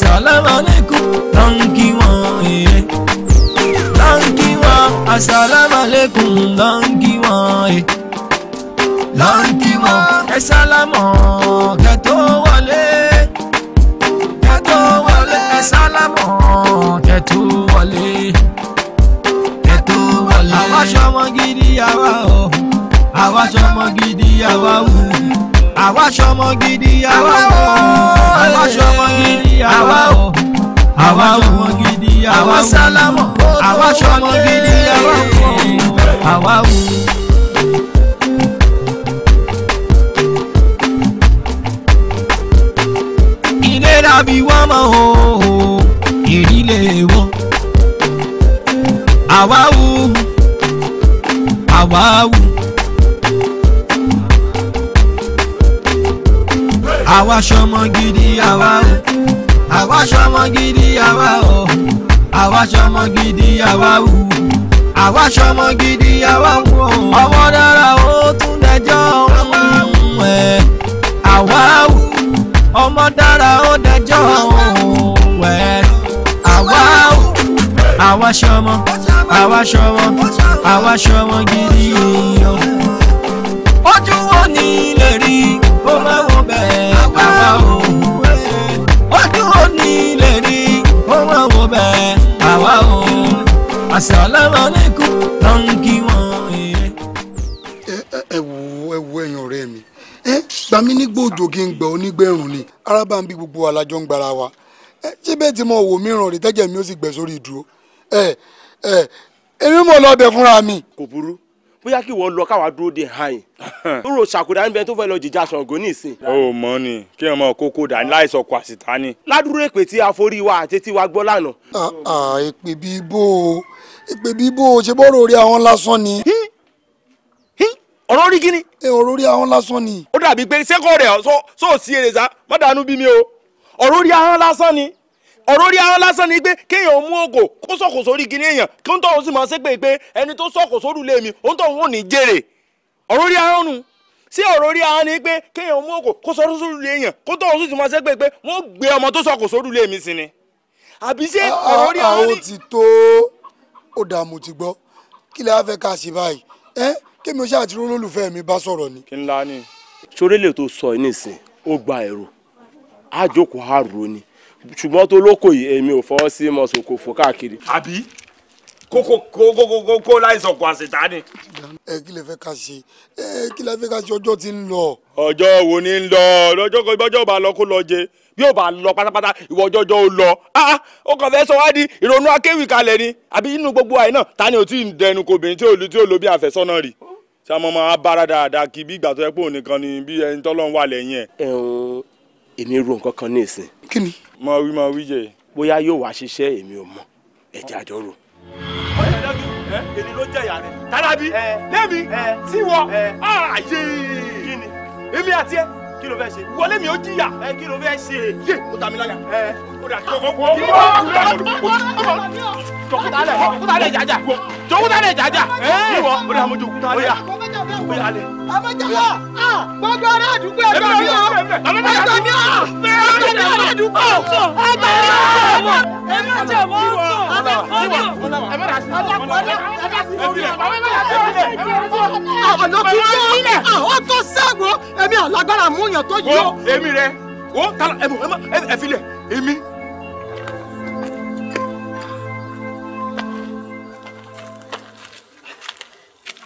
sàlámà ní aṣọmọ gidi àwa ń wọ̀ ọmọ dára ó tún dẹjọ́ ẹ̀ àwa wù ọmọ dára ó dẹjọ́ ẹ̀ àwa wù àwa ṣọmọ àwa ṣọmọ àwa ṣọmọ gidi èèyàn ojú wo ni lè rí ó máa wọ bẹ́ẹ̀ àwa wù ojú wo ni lè rí ó máa wọ bẹ́ẹ̀ àwa wù. Assalamu alaikum. dògíngbà onígbẹ̀rùn ni arábà ń bí gbogbo alájọ ń gbára wa ṣé tí mo wò mìíràn rí tẹ́jẹ̀ mi ó sì gbẹ̀ sórí ìdúró ẹ ẹ èmi mọ̀ lọ bẹ̀ fúnra mi. kò burú bóyá kí wọ́n lọ káwa dúró de hàn yín lóró ṣàkódà níbẹ̀ tó fẹ́ lọ jìjà Ṣàngó nísìn. ó mọ ni kí ọmọ kókó dání láìsọ kó àṣìta ni. ládùúró èpè tí àforí wa àti tí wa gbọ́ lánàá. Ah, ah, èpè bíbó èpè bíbó ṣe bọ́ọ̀rọ̀ orí àwọn lásán ni ọ̀rọ̀ orí gíní. ẹ ọ̀rọ̀ orí ahọ́n lásán ni. ó dàbí pé sẹ́kọ̀ọ́ rẹ̀ sọ sí èrè sá bí mi o ọ̀rọ̀ orí ahọ́n lásán ni ọ̀rọ̀ orí ahọ́n lásán ni pé kéèyàn mú ògò kó sọ̀kò sórí gíní èèyàn kí n tọ́ òun sì máa ṣe pé pé ẹni tó sọ̀kò sórí ilé mi òun tọ́ òun ò ní jèrè ọ̀rọ̀ orí ahọ́n nu sí ọ̀rọ̀ orí ahọ́n ni pé kéèyàn mú ògò kó sọ̀rọ̀ sórí ilé èèyàn kó tọ́ òun sì máa ṣe pé pé wọ́n gbé ọmọ tó sọ̀kò sórí ilé mi sí ni àbí ṣé ah, ọ̀rọ̀ ah, orí ahọ́n ah, ni. àwọn ti tó ó dààmú ti gbọ́ kí lè á fẹ́ ká sí báyìí kémi o ṣáà ti mi bá sọ̀rọ̀ ni. kí n la ni. sórí lè tó sọ yìí nìsín ó gba èrò àjòkòó àrò ni ṣùgbọ́n tó lóko yìí èmi ò fọwọ́ sí mọ̀sọ̀kò fò káàkiri. àbí kókó kókó kókó láìsàn kò àṣetá ni. ẹ kí lè fẹ́ ká ṣe ẹ kí lè fẹ́ ká ṣe ọjọ́ tí ń lọ. ọjọ́ wo ni ń lọ lọ́jọ́ kan ìbọ́jọ́ bá lọ kó lọ jẹ bí ó bá lọ pátápátá ìwọ ọjọ́jọ́ ó lọ ah, ah, ó kàn fẹ́ sọ wá di ìrònú akéwì kalẹ̀ ni àbí inú gbogbo àyè náà ta ni ò tí ì dẹnu kò bìnrin tí ò lu lo bí àfẹ́sọ́nà rí tí a mọ̀ máa bára dáadáa kí bí ìgbà tó yẹ pé òun nìkan ni bí ẹni tọ́lọ́run wà lẹ́yìn ẹ̀. ẹ̀hún èmi ro nǹkan kan ní ìsìn. kí ni. mo wí mo wí jẹ. bóyá yóò wá ṣiṣẹ́ èmi ò mọ̀ ẹ̀jẹ̀ àjọ rò. ó dájú èdè ló jẹ̀yà rẹ̀. tàlàbí lẹ́mi tiwọ ààyè kí ni èmi àti ẹ kí ló fẹ́ ṣe. wọlé mi ó jìyà kí ló fẹ́ ṣe. yé ó ta mi láyà jokutale jaja jokutale jaja ìwọ o de amu jokutale ya o ya le. amajaba gbogbo ara àdúgbò ẹgbẹ mi o ẹgbẹ mi o ẹgbẹ mi ara àdúgbò ẹgbẹ mi o ẹgbẹ mi o ìwọ ìwọ ẹgbẹ mi o ọ̀nà bíi ilé ọ̀tọ̀ sẹ́gun èmi alágbára múyàn tó yọ. èmi rẹ o tala ẹ bọ ẹ ma ẹ fi lẹ mi.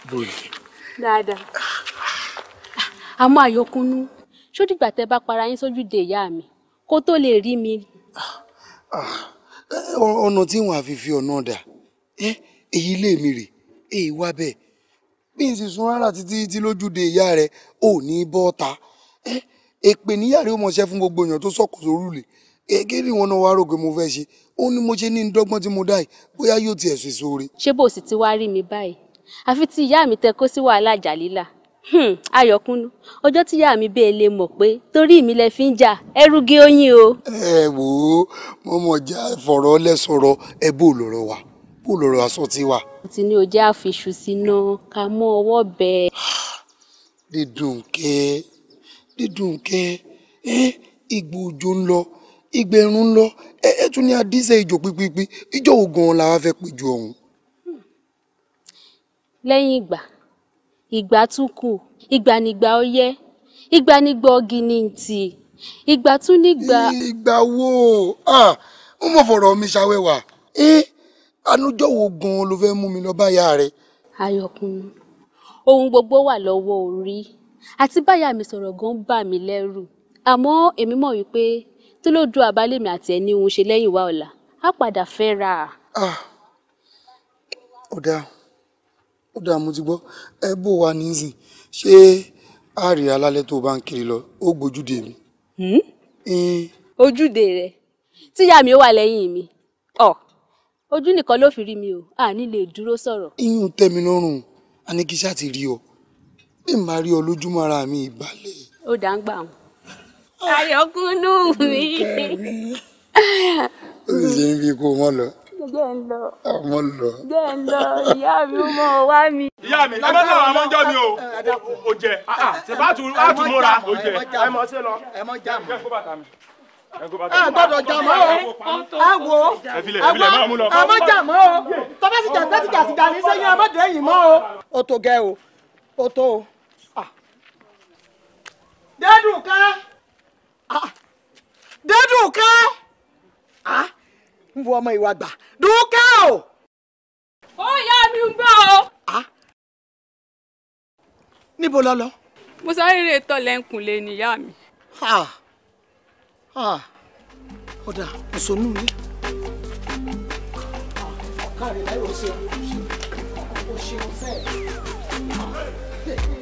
bóyá. dáadáa àmọ́ àyọkúnú ṣó dìgbà tẹ bá para yín sójú de ìyá mi kó tó lè rí mi. Ah, ah, ọ̀nà tí wọ́n á fi fi ọ̀nà dà èyí lè mi rè èyí wá bẹ́ẹ̀ bí n sì sun rárá títí tí lójú de ìyá rẹ̀ ò ní bọ́ ta èpè níyàrá ó mọ̀ ṣẹ́ fún gbogbo èèyàn tó sọ̀kò sórùlé èké ni wọn náà wá rò pé mo fẹ́ ṣe ó ní mo ṣe ní dọ́gbọ́n tí mo dá yìí bóyá yóò tiẹ̀ ṣe sóore. ṣé bó sì ti wá rí mi báyìí àfi tí ìyá mi tẹ kó sí wàhálà àjà líla hmm, ayọ̀kúnnú ọjọ́ tí ìyá mi bẹ́ẹ̀ lè mọ̀ pé torí mi lẹ fi ń jà ẹrú oyin o. ẹ wò ó mo mọ̀ já fọ̀rọ̀ lẹ́sọ̀rọ̀ ẹ bó lọ́rọ̀ wa bó lọ́rọ̀ aṣọ ti wa. mo ti ní ojú àfiṣù sínú ká mú ọwọ́ bẹ́ẹ̀. Ah, dídùn kẹ́ẹ́ dídùn kẹ ẹ ìgbò òjò ń lọ ìgbẹ̀rún ń lọ ẹ tún ní adíṣẹ́ ìjò pípípí ìjọ ògùn la wá fẹ́ péjú ọ̀hún. lẹ́yìn ìgbà ìgbà tún kù ìgbà nígbà ọyẹ́ ìgbà nígbà ọ̀gìnì ntì ìgbà tún nígbà. ìgbà wo mo mọ̀ fọ̀rọ̀ mi ṣàwẹ́wà ẹ anújọ́ wo gan-an ló fẹ́ mú mi lọ bá ìyá rẹ̀. ayọ̀kùnrin ohun gbogbo wà lọ́wọ́ orí àti báyà mi sọ̀rọ̀ gan ń bà mí lẹ́rù àmọ́ èmi mọ̀ wípé tó ló do àbálẹ̀ mi àti ẹni òun ṣe lẹ́yìn wa ọ̀la á padà fẹ́ ra. Ah, ó dáa ó dáa mo ti gbọ́ ẹ bó wa nísìn ṣé a rí alálẹ́ tó bá ń kiri lọ ó gbójúde mi. Hmm? ojúde rẹ tíyá mi ó wà lẹ́yìn mi ọ ojú nìkan ló fi rí mi o àní lè dúró sọ̀rọ̀. iyún tẹ́mi lọ́rùn a ti rí ọ bí n máa rí ọ ara mi ìbàlẹ̀. ó dá ń gbà wọn. ayọ̀kúnnú mi. ó sì ṣe ń fi o mọ́ lọ. Jẹ́ ń lọ. Ọmọ lọ. Jẹ́ ń lọ. Ìyá mi ó mọ wá mi. Ìyá mi, ẹ bá tẹ̀ wọ́n mọ́jọ́ mi o. O jẹ. Ah, ah, Ṣèbá tún múra. O jẹ. Ẹ mọ ṣe lọ. Ẹ mọ já mi. Ẹ kó bàtà mi ẹ gbọ́dọ̀ jàmọ o ẹ wo àwọn àmọ́ jàmọ o tọbẹsìjà tẹsìjà sìgá ní sẹ́yìn ọmọdé yìí mọ o. o tó gẹ o o tó o. Dédùnkẹ́ ah, Dédùnkẹ́ ah, ń wo ọmọ ìwà gbà Dùnkẹ́ o. ó yá mi ń gbọ́ o. Ah. níbo lọ lọ. mo sáré eré tọ́ lẹ́ǹkùn lé níyá mi. ọ̀dà òṣònú ilé. ọ̀kadì láyé o ṣeun o ṣeun fẹ́ẹ̀.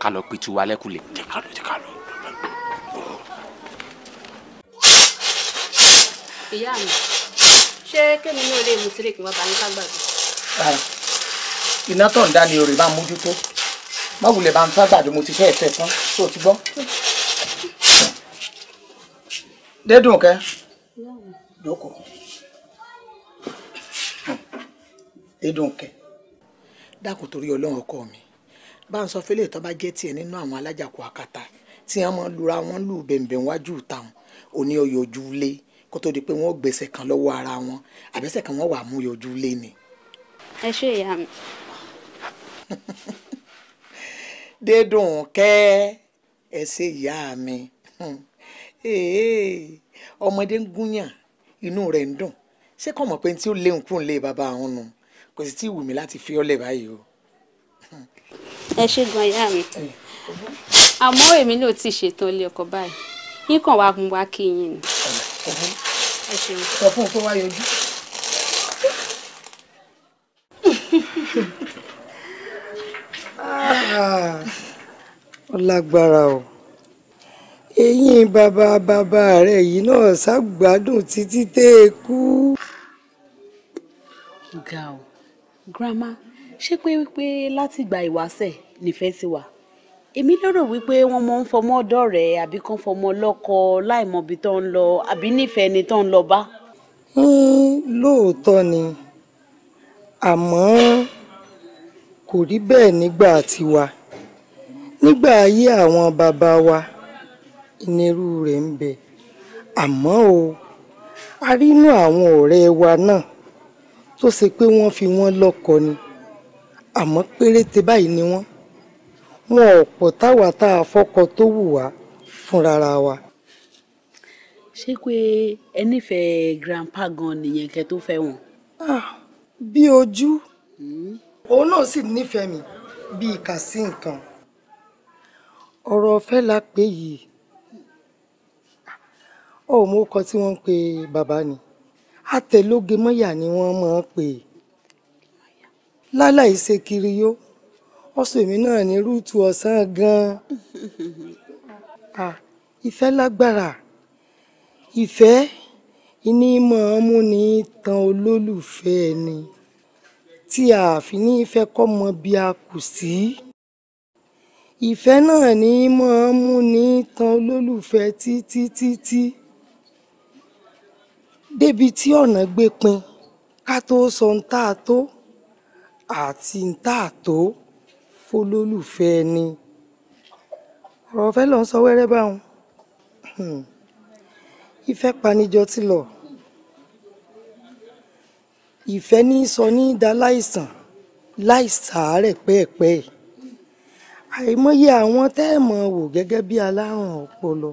ká lọ pe tiwa lẹ́kùlé. jẹ́ ká lọ jẹ́ ká lọ. ìyá mi ṣé kémi náà lè mú sílẹ̀ kí wọ́n bá ní ká gbàgbé. iná tó ń dá ni orè bá mójútó má wulẹ̀ bá ń fá gbàdo mo ti fẹ́ ẹ̀fẹ́ tán tó ti gbọ́. dédùn kẹ́ lóko dédùn kẹ́ dákun torí ọlọ́run ọkọ mi bá ń sọ fẹlẹ tó bá jẹ tiẹ̀ nínú àwọn alájàkú akata tí wọn máa lura wọn lù bẹ̀m̀bẹ̀ wájú ìtàn òní ọyọjú lé kó tó di pé wọn gbèsè kan lọ́wọ́ ara wọn àbẹ́sẹ̀ kan wọn wà mú yọjú lé ni. ẹ ṣe ìyá mi. dédùn kẹ́ ẹ ṣe ìyá mi ọmọdé ń gúnyàn inú rẹ̀ ń dùn ṣé kò mọ̀ pé tí ó léhùn kúrò lé bàbá àwọn nù kò sì tí ì wù mí láti fi ọ́ lẹ̀ báyìí o. ẹ ṣe gan ìyá mi àmọ́ èmi náà ti ṣètò ilé ọkọ báyìí yín kàn wá mú wá kí yín ni. sọ fún un kó wá yọjú. ó lágbára o eyín bàbá bàbá rẹ yìí náà ṣàgbádùn títí tẹ́ ẹ kú. ga o grandma ṣé pé wípé látìgbà ìwáṣẹ̀ nífẹ̀ẹ́ ti wà èmi lérò wípé wọ́n mọ ń fọmọ dọ̀rẹ́ àbí kán fọmọ lọ́kọ láìmọbi tó ń lọ àbí nífẹ̀ẹ́ ni tó ń lọ bá. Hmm, lóòótọ́ ni àmọ́ kò rí bẹ́ẹ̀ nígbà tiwa nígbà ayé àwọn bàbá wa ìnirú rẹ̀ ń bẹ àmọ́ o a rí inú àwọn ọ̀rẹ́ wa náà tó ṣe pé wọ́n fi wọ́n lọ́kọ ni àmọ́ péréte báyìí ni wọ́n wọn ò pọ̀ táwa tá a fọ́kọ tó wù wá fúnra wa. ṣé pé ẹ nífẹ̀ẹ́ grandpa gan nìyẹn kẹ́ tó fẹ́ wọn. Ah, bí ojú hmm. òun náà sì nífẹ̀ẹ́ mi bíi kà sí nǹkan ọ̀rọ̀ ọ̀fẹ́ la pè yìí ọ̀hún mo kọ tí wọ́n ń pe bàbá ni àtẹ̀lóge ni wọ́n máa ń pè é láláì ṣe kiri yó ọ̀sùn èmi náà ní rúùtù ọ̀sán gan-an ìfẹ́ lágbára ìfẹ́ iní máa ń múni tan olólùfẹ́ ẹni tí a fi ní ìfẹ́ kọ́ mọ bí a kù sí ìfẹ́ náà ní máa ń múni tan olólùfẹ́ títí títí débi tí ọ̀nà gbé pin ká tó sọ ohun tá tó àti ń tà ni. fólólùfẹ́ ẹni. ọ̀rọ̀ fẹ́ lọ ń sọ wẹ́rẹ́ báwọn hmm. ìfẹ́ panijọ ti lọ ìfẹ́ ní sọ ní dá láìsàn láìsàárẹ̀ pẹ́ẹ̀pẹ́ àìmọye àwọn tẹ́ẹ̀mọ̀ wò gẹ́gẹ́ bí alárùn ọpọlọ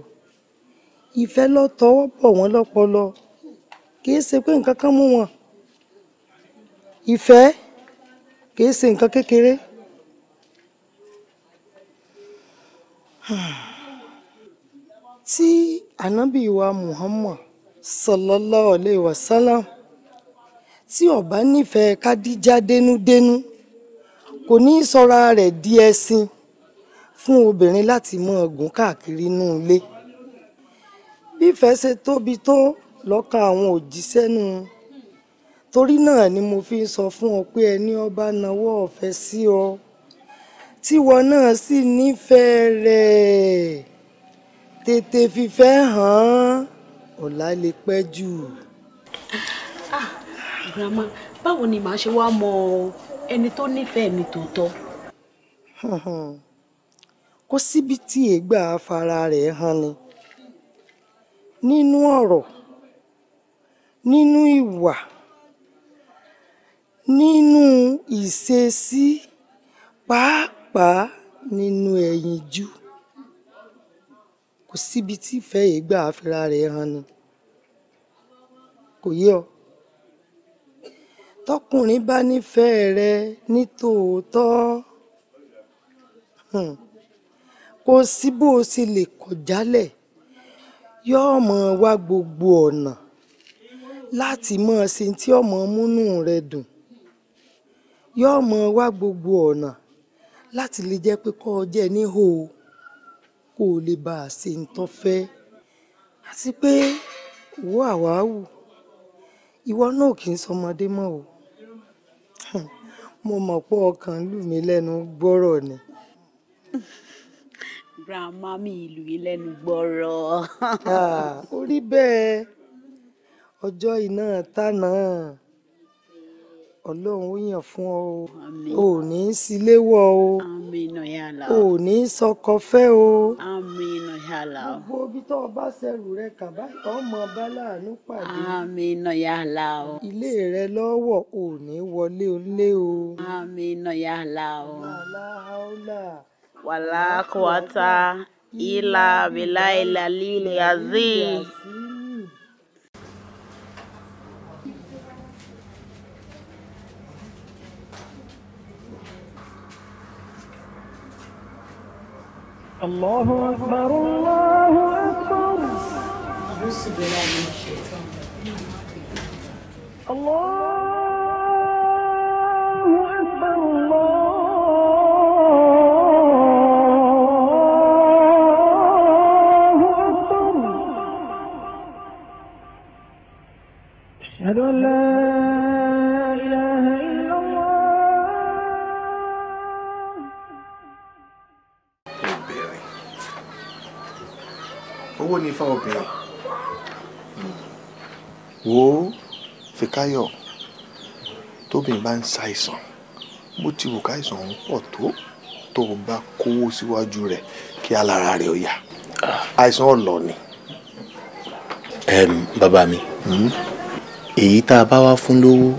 ìfẹ́ lọ tọwọ́ bọ̀ wọ́n lọ́pọlọ kì í ṣe pé nǹkan kan mú wọn ìfẹ́ kìí ṣe nǹkan kékeré. tí ànábì wa Muhammad sallallahu alaihi wa sallam tí ó bá nífẹ̀ẹ́ Kádíjà dénúdénú kò ní í sọra rẹ̀ di ẹṣin fún obìnrin láti máa gùn káàkiri inú ilé bífẹ́ ṣe tóbi tó lọ́kàn àwọn òjíṣẹ́ nù torí náà ni mo fi ń sọ fún ọ pé ẹni ọba nawọ́ ọ̀fẹ́ sí ọ tíwọ náà sì nífẹ̀ẹ́ rẹ̀ tètè fìfẹ́ hàn án ọ̀la lè pẹ́ jù. Ah, grandma báwo ni màá ṣe wá mọ ẹni tó nífẹ̀ẹ́ mi tòótọ́. kó síbi tí ègbà afárá rẹ̀ hàn ni nínú ọ̀rọ̀ nínú ìwà nínú ìṣesí, pàápàá nínú ẹyinjú. Kò síbi tí ìfẹ́ yìí gbà fira rẹ̀ hàn ni. Kò yé ọ? Tọ́kùnrin bá nífẹ̀ẹ́ rẹ ní tòótọ́, um kò sí bó ṣe lè kọ̀ jálẹ̀. Yóò máa wá gbogbo ọ̀nà láti máa ṣe ohun tí ó múnú rẹ dùn yóò máa wá gbogbo ọ̀nà láti lè jẹ́ pé kọ́ jẹ́ níhòòhò kó o lè bá a ṣe ń tọ́fẹ́ àti pé ìwọ àwáwù ìwọ náà kì í sọmọdé mọ́ o mo mọ̀ pé ọkàn lù mí lẹ́nu gbọ́rọ̀ ni. grandma mi ìlú yìí lẹ́nu gbọ́rọ̀. Ah, ó bẹ́ẹ̀ ọjọ́ iná ta ọlọ́run ó yàn fún ọ o ò ní í síléwọ́ o ò ní í sọkọ fẹ́ o gbogbo ibi tó o bá ṣẹrù rẹ kàbá ọmọ bá láàánú pàdé ilé rẹ lọ́wọ́ ò ní wọlé olé o. wàláhàólà wàlákùwátà ìlà bìláìlà lílẹ̀ azeez. الله أكبر الله أكبر أعوذ بالله من الشيطان الله fún obìnrin. Hmm. wo Fikayo tóbìnrin bá ń ṣàìsàn bó ti wù káìsàn òun pọ̀ tó tó o bá kówó síwájú rẹ̀ kí alára rẹ̀ ó yá ah. àìsàn ọ̀lọ ni. bàbá mi hmm? èyí tá a bá wá fún lówó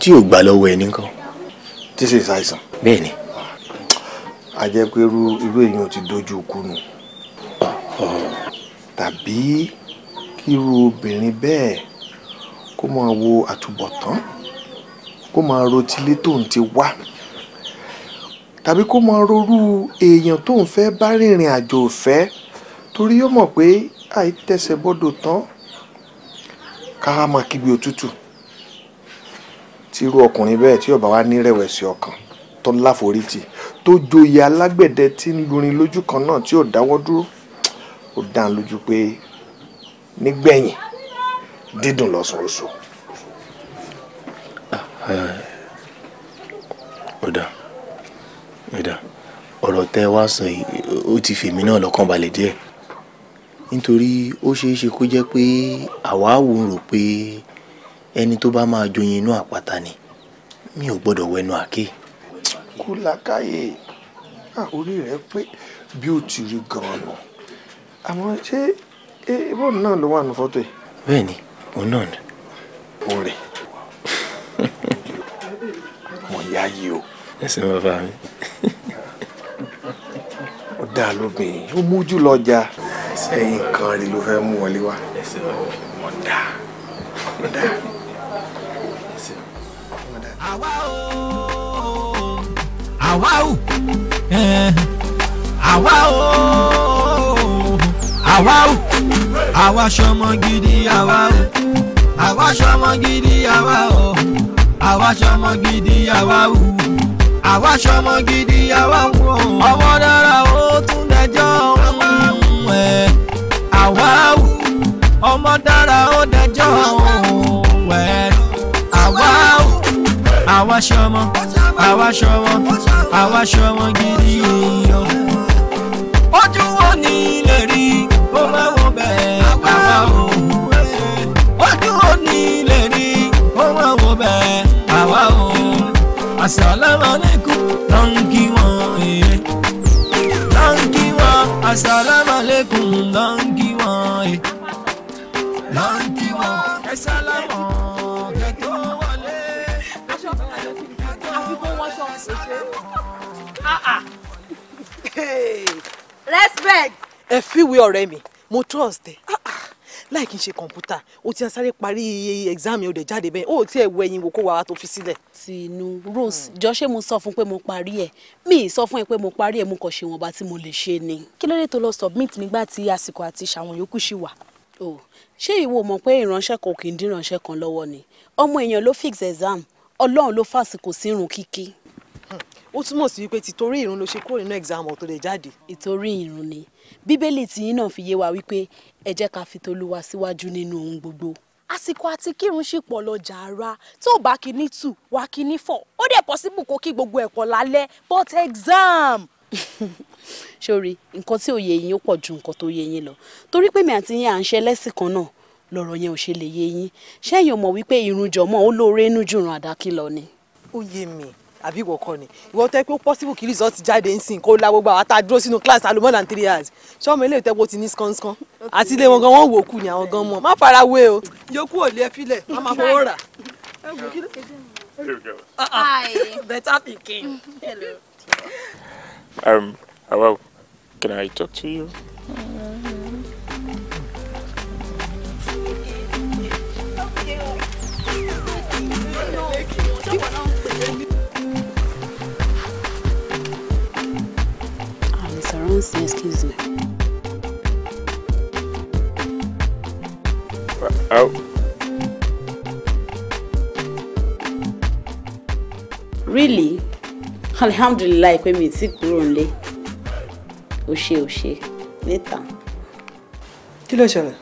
tí ò gbà lọ́wọ́ ẹ nìkan. tí sì ṣàìsàn. bẹ́ẹ̀ ni. a jẹ́ pé irú irú èèyàn ti dojú kú nù. Ah, oh tàbí kíru obìnrin bẹ́ẹ̀ kó máa wo àtúbọ̀tán kó máa rotilé tóun ti wá tàbí kó máa rorú èèyàn tóun fẹ́ bá rìnrìn àjò ọ̀fẹ́ torí yóò mọ̀ pé àìtẹsẹ̀ bọ́dọ̀ tán ká máa kígbe òtútù tírú ọkùnrin bẹ́ẹ̀ tí ó bá wà ní rẹ̀wẹ̀sì ọkàn tó láforítì tó joyè alágbẹ̀dẹ tí ń lurin lójú kan náà tí ò dáwọ́ dúró ó dán lójú pé nígbẹ̀yìn dídùn lọ́sàn oṣù. ọ̀dà ah, ọ̀dà ọ̀rọ̀ tẹ́ wá sọ yìí ó ti fèmí náà lọ́kàn balẹ̀ díẹ̀ nítorí ó ṣeé ṣe kó jẹ́ pé àwa wò ń rò pé ẹni tó bá máa joyin inú àpáta ni mi ò gbọ́dọ̀ wẹnu àké. kú làkàyè àórí ah, rẹ pé bí ó ti rí gan àmọ́ ṣé bóun náà ló wà ní fọ́tò yìí. bẹ́ẹ̀ ni òun náà ni. òun rè mọ̀ ya yìí o. ẹsẹ̀ bàbá mi. ó dáa lóbìnrin ó mójú lọ́jà ẹ̀yìn kan rí ló fẹ́ mú wọlé wá. ẹsẹ̀ bàbá mi. mọ̀ dáa mọ̀ dáa. àwa àwa ṣọmọ gidi àwa o àwa ṣọmọ gidi àwa o àwa ṣọmọ gidi àwa o àwa ṣọmọ gidi àwa o ọmọ dára ó tún dẹjọ́ ẹ̀ àwa o ọmọ dára ó dẹjọ́ ẹ̀ àwa o àwa ṣọmọ àwa ṣọmọ àwa ṣọmọ gidi èèyàn ojú wo ni lè rí ó máa asalaamualeykum ló ń kí wọn èyẹ ló ń kí wọn asalaamualeykum ló ń kí wọn èyẹ ló ń wọn ẹ sálámọ kẹtọ wọn ṣọ respect. ẹ fíwèé ọ̀rẹ́ mi mo trust ẹ. Ah, ah láì kí n ṣe kọ̀ǹpútà o ti sáré parí exam yẹn o dẹ̀ jáde bẹ́ẹ̀ o ti ẹ̀ wọ ẹyin wo kó wa tó fi sílẹ̀. tinu Rose hmm. jọ ṣé mo sọ fún pé mo parí ẹ mi sọ fún ẹ pé mo parí ẹ mo kàn ṣe wọnba tí mo lè ṣe ni. kí ló dé tó lọ submit nígbà tí àsìkò àti ṣàwọn yòókù ṣì wà. o oh, ṣé ìwọ mọ̀ pé ìránṣẹ́ kan kì í dín ìránṣẹ́ kan lọ́wọ́ ni ọmọ èèyàn ló fix exam ọlọ́run ló fàsìkò sírun kíkí ó túmọ̀ sí wípé tìtorí ìrun ló ṣe kúrò nínú exam tó lè jáde. ìtorí ìrun ni bíbélì tìyín náà fi yé wa wípé ẹ jẹ́ ká fi tolúwa síwájú nínú ohun gbogbo. àsìkò àti kírun ṣì pọ̀ lọ́jà ara tó bá kíní two wá kíní four ó dẹ̀ possible kó kí gbogbo ẹ̀kọ́ lálẹ́ but exam. sori nǹkan tí òye yín ó pọ̀ ju nǹkan tó yé yín lọ torí pé mi àti yín à ń ṣe lẹ́sìn kan náà lọ̀rọ̀ yẹn ò ṣe lè yé yín ṣẹ́yìn ò mọ̀ wípé irun jọ̀mọ́ ó lóore inú jùrùn àdákìlọ ni. ó yé mi àbí ìwọ kọ́ ni ìwọ tẹ́ pé ó possible kí result jáde ń sìn kó la gbogbo àwọn tá dúró sínú class alo than three hours ṣọ́ọ̀mù eléyìí tẹ́ pé ó ti ní skánsán àti ilé wọn gan wọn wò kù ni àwọn gan mọ̀ má fara wé o. yòókù ò lé filẹ̀ wọ́n máa fowó rà. Ah, ah. um, hello, can I talk to you? Mm-hmm. Okay. around sin excuse me. Out. Oh. Really? Alhamdulillah pé mi ti kúrò nílé. Ó ṣe ó ṣe níta. Kí ló ṣẹlẹ̀?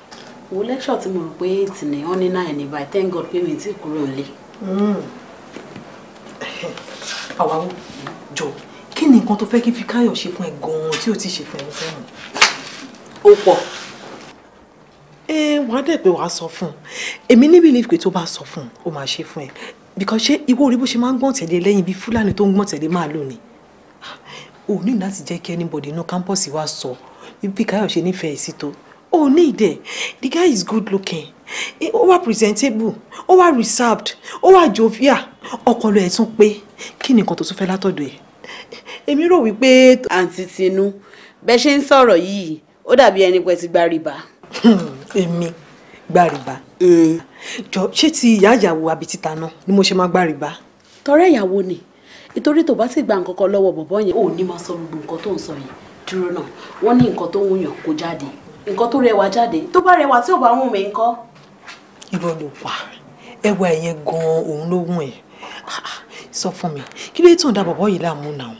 Wo lecture tí mo rò pé eight ni wọ́n thank God pé mi ti kúrò nílé. Hmm. Àwa wo jọ kí ni nǹkan tó fẹ́ kí Fikáyọ̀ ṣe fún ẹ gan-an tí ò ti ṣe fún ẹ fún un. ó pọ̀. ẹ wàá dẹ̀ pé wàá sọ fún un èmi ní believe pé tó bá sọ fún un ó máa ṣe fún ẹ because ṣé ìwọ orí bó ṣe máa ń gbọ̀n tẹ̀lé lẹ́yìn bí fúlàní tó ń gbọ̀n tẹ̀lé máa lò ní. ò ní láti jẹ́ kí anybody inú campus, wa sọ bí Fikáyọ̀ ṣe nífẹ̀ẹ́ sí tó ò ní ìdẹ̀ the guy is good looking ó wà presentable ó wà reserved ó wà jovial ọpọlọ ẹ̀ tún pé kí ni nǹkan tó tún fẹ́ látọ̀dọ̀ ẹ̀ èmi rò wípé àǹtí tinú bẹ́ẹ̀ ṣe ń sọ̀rọ̀ yìí ó dàbí ẹni pẹ́ ti gbàrìbà. èmi gbàrìbà mm. jọ ṣé ti ìyá ìyàwó àbí títa náà ni mo ṣe máa gbàrìbà. tọrẹ ìyàwó ni ìtorí tó bá sì gba nǹkan kan lọ́wọ́ bọ̀bọ́ yẹn ò ní máa sọ gbogbo nǹkan tó ń sọ yìí dúró náà wọ́n ní nǹkan tó ń yàn kó jáde nǹkan tó rẹwà jáde tó bá rẹwà tí ò bá wùn mí ńkọ́. irọ́ ló pa ẹwà ẹ̀yẹn gan-an òun ló wùn ẹ̀ ah, ah, sọ fún mi kí ló tó ń da yìí láàmú náà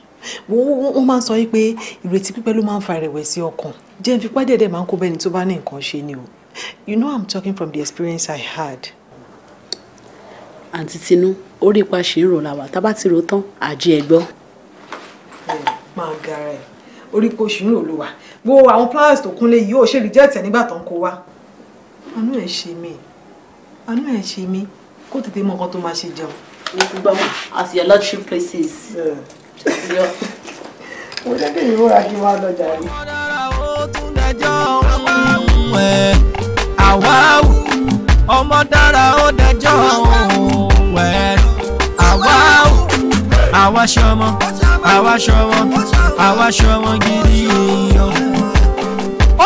wọ́n máa ń sọ yìí pé ìrètí pípẹ́ ló máa ń fa ìrẹ̀wẹ̀sì ọkàn jẹ́ n fipá dẹ̀dẹ̀ máa ń kó bẹ́ni tó bá ní nǹkan ṣe ni o you know i'm talking from the experience i had. àǹtí tinú orí ipa ṣì ń rò làwà tá a bá ti rò tán àjẹ ẹgbọ́. máa gara ẹ orí ipa oṣù náà ló wà gbogbo àwọn flowers tó kúnlé yìí ò ṣe reject ẹ nígbà tó ń kó wá. àánú ẹ ṣe mí àánú ẹ ṣe mí kó tètè mọ nǹkan tó máa ṣe jẹun. ní gbígbọ́ àti your lordship places. Yeah mo jẹ́ kí ìrora kí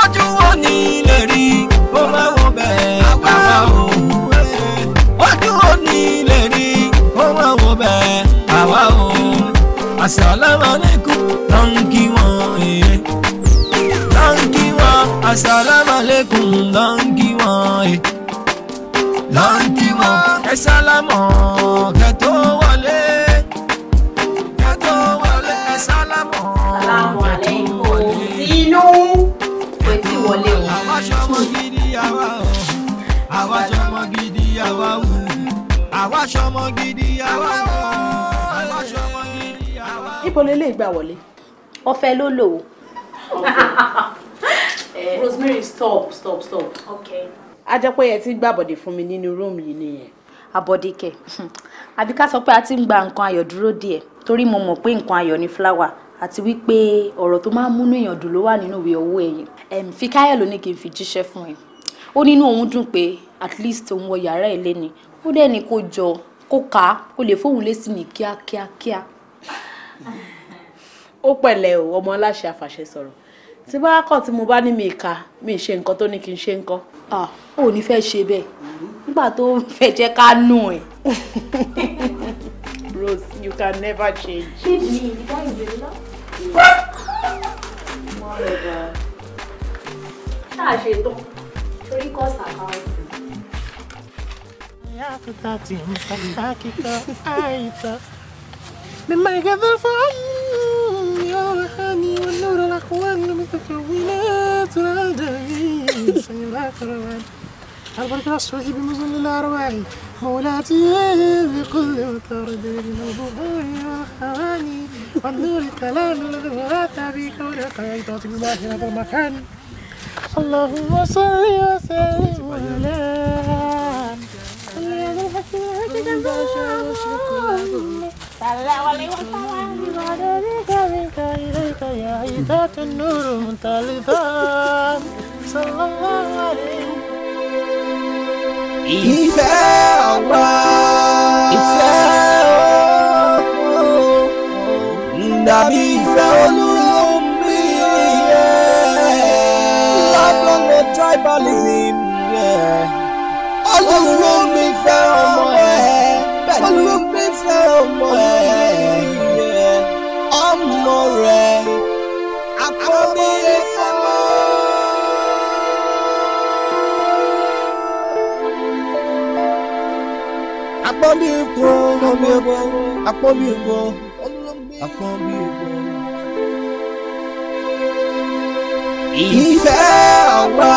ojú wo ni lè rí bó bá wọ bẹ́ẹ̀ àwa wù. asalaamualeykum ló ń kí wọn èyẹ ló ń kí wọn asalaamualeykum ló ń kí wọn èyẹ ló ń kí wọn ẹ sálámọ̀ kẹtó wọlé kẹtó wọlé ẹ sálámọ̀ kẹtó wọlé. inú kò wọlé o. àwa sọmọ gidi àwa o àwa sọmọ gidi àwa o àwa sọmọ gidi àwa o ibo lè lè gbà wọlé. ọ̀fẹ́ ló lò ó. Eh, Rosemary stop stop stop. Okay. a jẹ́ pé ẹ ti gba àbọ̀dè fún mi nínú róòmù yìí nìyẹn. àbọ̀dè kẹ̀ àbí ká sọ pé a ti ń gba nǹkan ayọ̀ dúró díẹ̀ torí mo mọ̀ pé nǹkan ayọ̀ ni flower àti wípé ọ̀rọ̀ tó máa ń múnú èèyàn dùn ló wà nínú ìwé owó ẹ̀yìn Fikáyọ̀ ló ní kí n fi jíṣẹ́ fún ẹ ó nínú òun dùn pé at least òun wọ yàrá ẹ̀ lẹ́ni ó dẹ̀ ní kó jọ kó kà á kó lè fóun lésì ní kíákíákíá ó pẹ̀lẹ́ o ọmọ aláṣẹ àfàṣẹ sọ̀rọ̀ tí bá kọ̀ tí mo bá ní mi ìka mi ṣe nǹkan tó ní kí n ṣe ń kọ́. ò ní fẹ́ ṣe bẹ́ẹ̀ nígbà tó fẹ́ jẹ́ ká nù ẹ̀. Rose you can never change. ṣé mi ìdíkà ìbéèrè lọ. ṣáà ṣe torí kọ́ sàkáwọ́. Yakuta ti mú sàkíkọ́ àìtọ́. مما كذف عني ورهاني والنور الأخوان متكونات الأدعي سيرات رواني البركة الصحي بمظل الأرواح مولاتي بكل مطرد لنوضوحي وأخواني والنور تلال الغرات بك ولقائي تعطي هذا المكان اللهم صل وسلم على الحكيم هكذا ìfẹ́ ọ̀pá ìfẹ́ ọ̀pọ̀ dàbí ìfẹ́ olúmi lábọ́n lọ tribalism olúmi fẹ́ ọmọ. àpọ́nbí epo àpọ́nbí epo àpọ́nbí epo àpọ́nbí epo. ìfẹ́ ọ̀wá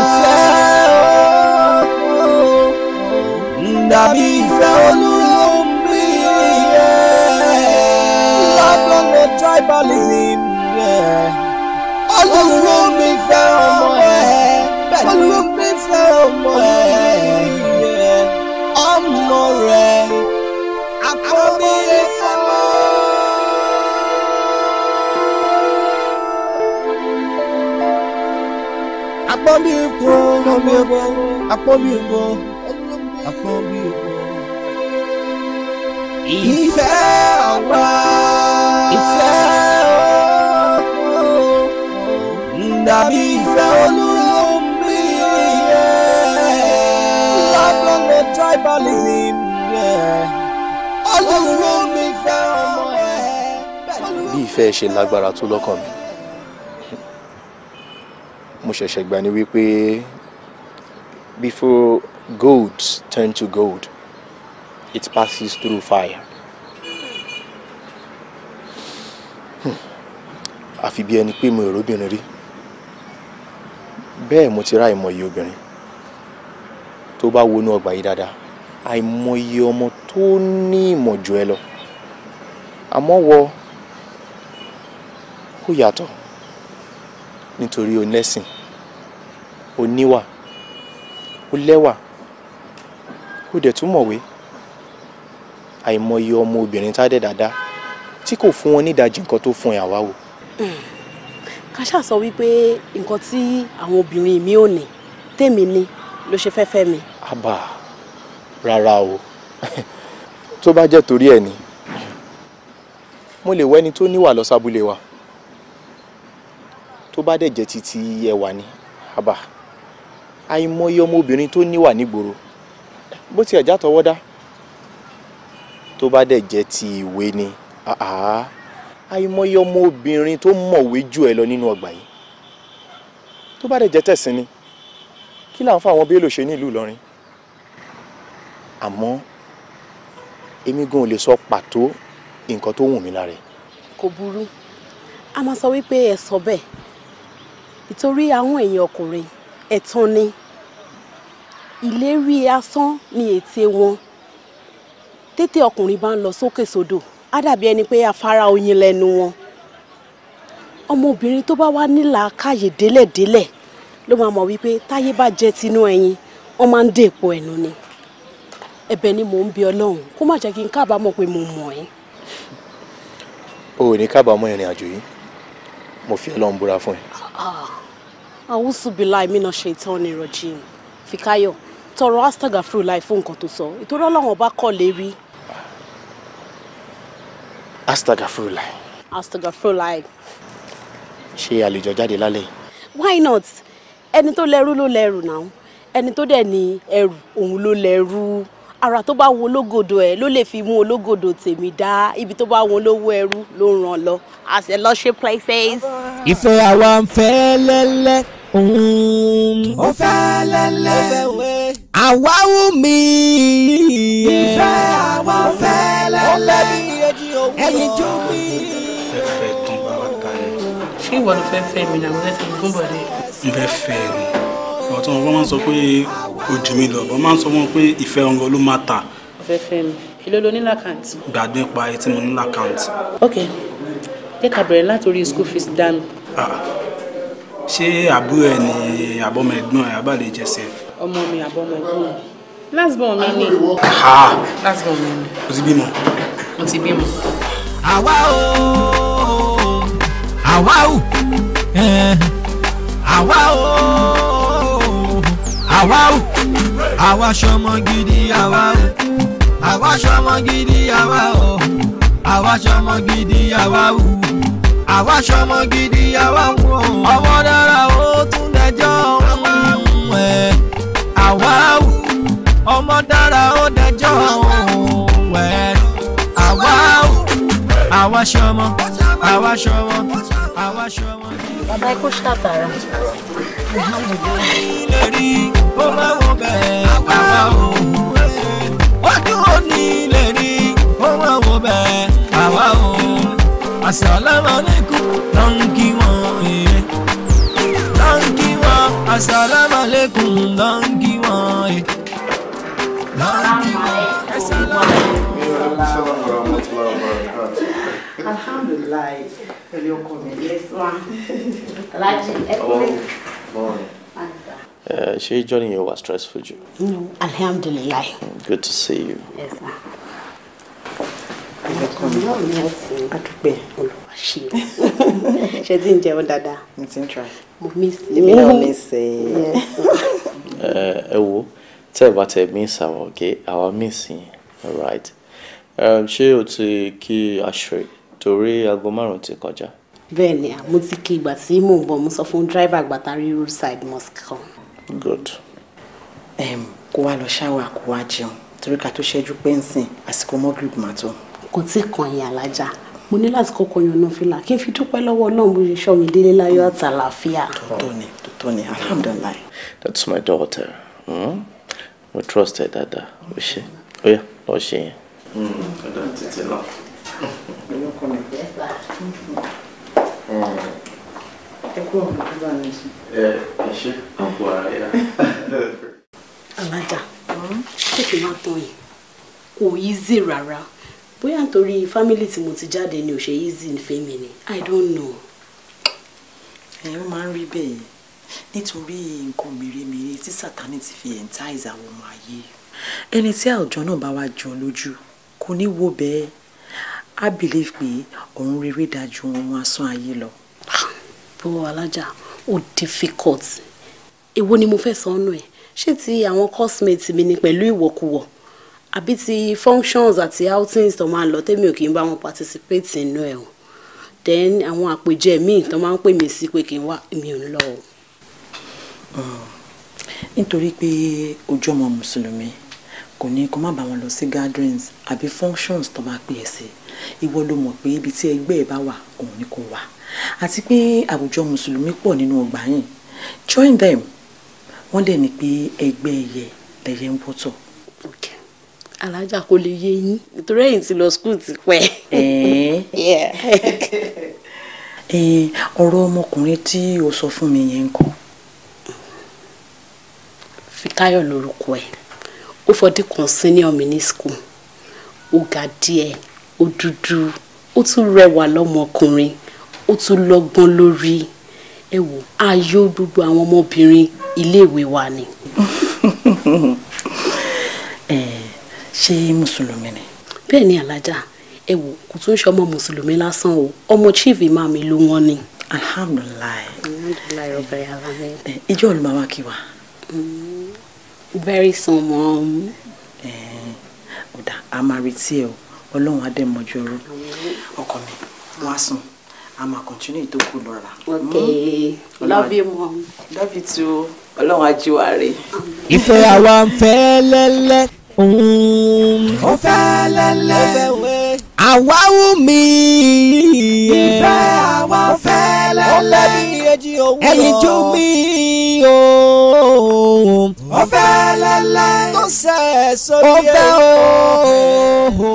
ìfẹ́ ọ̀wá dàbí ìfẹ́ olúmi lábẹ́lẹ̀ tribalism olúmi fẹ́ ọmọ ẹ̀ olúmi fẹ́ ọmọ ẹ̀. apọ́nbí epo apọ́nbí epo apọ́nbí epo. ìfẹ́ ọ̀pá ìfẹ́ ọ̀pá dàbí ìfẹ́ olúmi lábẹ́lẹ̀ tribalism olúmi fẹ́ ọmọ ẹ̀. bí ìfẹ́ ṣe lágbára tó lọ́kàn mi mo ṣẹ̀ṣẹ̀ gbà ní wípé Before gold turn to gold, it passes through fire. Hmm. àfi bí ẹni pé mo èrò obìnrin rí bẹ́ẹ̀ mo ti ra ìmọ̀ye obìnrin tó bá wọnú ọgbà yìí dáadáa àìmọye ọmọ tó ní ìmọ̀ jù ẹ lọ àmọ́ wọ ó yàtọ̀ nítorí onẹ́sìn oníwà ó lẹ́wà ó dẹ̀ tún mọ̀wé àìmọye ọmọ obìnrin tá dẹ̀ dáadáa tí kò fún wọn ní ìdajì nǹkan tó fún ẹ àwa o. Hmm. kàṣà sọ wípé nǹkan tí àwọn obìnrin mi ò ní tèmi ni ló ṣe fẹ́ mi. àbà rárá o tó bá jẹ́ torí ẹ̀ ni mo lè wẹ́ni tó níwà lọ sábúlé wa tó bá dẹ̀ jẹ́ títí ẹwà ni àbà àìmọye ọmọbìnrin tó níwà nígboro bó ti ẹ̀já tọwọ́dá tó bá dẹ̀ jẹ́ ti ìwé ni àìmọye ọmọbìnrin tó mọ̀wé jù ẹ lọ nínú ọgbà yìí tó bá dẹ̀ jẹ́ tẹ̀sìn ni kí là ń fa àwọn Bello ṣe ní ìlú Ìlọrin àmọ́ èmi gan ò lè sọ pàtó nǹkan tó wù mí lára kò burú a máa sọ wípé ẹ sọ bẹ́ẹ̀ nítorí àwọn èèyàn ọkùnrin ẹ̀tàn ni ìlérí asán ni ète wọn tètè ọkùnrin bá ń lọ sókè sódò á dàbí ẹni pé afárá oyin lẹ́nu wọn ọmọbìnrin tó bá wà nílà káyè délẹ̀délẹ̀ ló máa mọ̀ wípé táyé bá jẹ́ tinú ẹyin wọ́n máa ń dé èpo ẹ̀nu ni ẹ̀bẹ̀ ni mò ń bi ọlọ́run kó má jẹ́ kí n kábàámọ̀ pé mo mọ̀ ẹ́. o ò ní kábàámọ̀ ìrìn àjò yìí mo fi ọlọ́run búra fún ẹ. Ah, ah àwùsùbìlà ìmìnà ṣe ìtọ́ni ìrọ̀jìn Fikayo tọrọ astagafru láì fún nǹkan tó sọ ìtorí ọlọ́run ọba kọ̀ lérí. astagafru láì. astagafru láì. ṣé a lè jọ jáde lálẹ́. why not ẹni tó lẹ́rú ló lẹ́rù náà ẹni tó dẹ̀ ní ẹrù òun ló lẹ́rù ara tó bá wọn ológodo ẹ ló lè fi mú ológodo tèmi dá ibi tó bá wọn lówó ẹrú ló ràn lọ àṣẹ lọ ṣe places. ìfẹ́ àwa ń fẹ́ lẹ́lẹ́ ó fẹ́ lẹ́lẹ́ àwa wù mí. ìfẹ́ àwa ń fẹ́ lẹ́lẹ́ ẹ̀yin jó mi. ṣé ìwọ ló fẹ́ fẹ́ mi náà mo fẹ́ fẹ́ mi fún bọ̀dẹ̀. n fẹ́ fẹ́ mi àti wọn máa ń sọ pé kò jù lọ wọn máa ń sọ wọn pé ìfẹ́ ọ̀rọ̀ ló máa tà. ọ̀fẹ́ fẹ́ mi èló ló ní làkàǹtì. gbàgbé pa ẹ mo ní làkàǹtì. ok jẹ́ ká bẹ̀rẹ̀ látòrí school fees dànù. Ah, ṣé àbúrò ẹ ní àbọ̀mọ ẹ̀gbọ́n ẹ abáàlẹ̀ jẹ́sẹ̀. ọmọ mi àbọ̀mọ ẹ̀gbọ́n last mi ni. last mi ni. o ti bímọ. mo ti bímọ. àwa o àwa o eh, àwa o àwa o àwa ṣọmọ gidi àwa o àwa ṣọmọ gidi àwa o àwa ṣọmọ gidi àwa o àwa ṣọmọ gidi àwa o ọwọ́ dára ó tún dẹjọ́ ẹ̀ àwa o ọmọ dára ó dẹjọ́ ẹ̀ àwa o àwa ṣọmọ àwa ṣọmọ àwa ṣọmọ. bàbá ikú ṣàtàrà lórí ó máa wọ bẹ́ẹ̀ àwa ò wájú ó ní lórí ó máa wọ bẹ́ẹ̀ àwa ò àsàlámù aláìkùm ló ń kí wọn èè ló ń kí wọn àsàlámù aláìkùm ló ń kí ẹ kúrẹ́. Boring. Uh, she joining you was stressful jù. No, alhamdulillah. Good to see you. Yes, ma. Adúpẹ́ olùwàṣẹ́. Ṣé tí ń jẹun dáadáa? Mo ti ń try. Mo miss you. Èmi náà miss ẹ. Uh, ẹ wo, tẹ́ ẹ bá tẹ miss àwọn ọ̀gẹ́, àwa miss yín, right? Um, ṣé o ti kí aṣọ torí aago márùn-ún ti kọjá? bẹ́ẹ̀ ni mo ti kí ìgbà tí mò ń bọ̀ mo sọ fún dírẹ́fà àgbàtàrí roadside mosque kan. good um, kó wá lọ ṣáwà kó wá jẹun torí ká tó ṣẹ́jú pé ń sìn àsìkò mọ́gìrìbì máa tó. kò tí ì kan yín alájà mo ní láti kọ́kọ́ yan náà fìlà kí n fi dúpẹ́ lọ́wọ́ Ọlọ́run bó ṣe ṣọ́ mi délé láyọ̀ àtàlàáfíà. tó ní tó ní alhamdulilayi. that's my daughter mo hmm? trust ẹ dáadáa o ṣe ó yá lọ ṣe yẹn. ọ̀dọ̀ títí náà kúrò ní kúrò ní máa tán yìí kò easy rárá bóyá nítorí fámìlì tí mo ti jáde ni ò ṣe easy fẹ́mi ni i don't know. ẹ̀yin máa ń rí bẹ́ẹ̀ nítorí nǹkan mèremère tí sátani ti fi entice àwọn ọmọ ayé ẹni tí àwùjọ náà bá wá jọ lójú kò ní wo bẹ́ẹ̀ i believe pé ọ̀run rere dájú ohun asán ayé lọ bọ́ alájà ó difficult èwo ni mo fẹ́ sọ ọ́nù ẹ̀ ṣé ti àwọn cosmates mi ni pẹ̀lú ìwọ̀kuwọ̀ àbí ti functions àti outings tó máa ń lọ tẹ́mi ò kì í bá wọn participate nínú ẹ̀ o then àwọn àpèjẹ míì tó máa ń pè mí sí pé kí n wá mi ò ń lọ o. Ah, nítorí pé ojú ọmọ mùsùlùmí kò ní kó má bá wọn lọ sí gatherings àbí functions tó máa pè é sí ìwọ ló mọ̀ pé ibi tí ẹgbẹ́ ẹ bá wà òun ni kò wà àti pé àwùjọ mùsùlùmí pọ̀ nínú ọgbà yìí join them wọ́n dẹ̀ ní pé ẹgbẹ́ ẹyẹ lẹyẹ ń bọ́tọ̀. alájà kò lè yé yín nítorí ẹ̀yin ti lọ skul ti pẹ́. ọ̀rọ̀ ọmọkùnrin tí o sọ fún mi yẹn ń kọ́. Fikáyọ̀ lorúkọ ẹ̀ ó fọdí kan senior mi ní skul ó ga díẹ̀ ó dúdú ó tún rẹwà lọ́mọkùnrin ó tún lọ́gbọ́n lórí ẹ wò ayọ̀ gbogbo àwọn ọmọbìnrin iléèwé wa ni. ṣé mùsùlùmí ni. bẹ́ẹ̀ ni alájà ẹ wò kò tún ṣe ọmọ mùsùlùmí lásán o ọmọ chief imam ló wọn ni. alhamdulilayi. alhamdulilayi ọbẹ̀ yàrá mi. ìjọ olùmọ̀ wa kí wa. Mm, very soon mom. ọ̀dà a máa retí ẹ o ọlọ́run á dẹ̀ ọkọ mi wọ́n á sùn a máa continue tó kù lọ́ra. Hmm? love you mom. love you too ọlọ́run ajé wa rè. Hmm. ìfẹ́ àwa ń fẹ́ lẹ́lẹ́ ó fẹ́ lẹ́lẹ́ àwa wù mí. ìfẹ́ àwa fẹ́ lẹ́lẹ́ ẹ̀yin jó mi o. Hmm. ó fẹ́ lẹ́lẹ́ tó sẹ̀ sórí ẹ̀ ó fẹ́ o.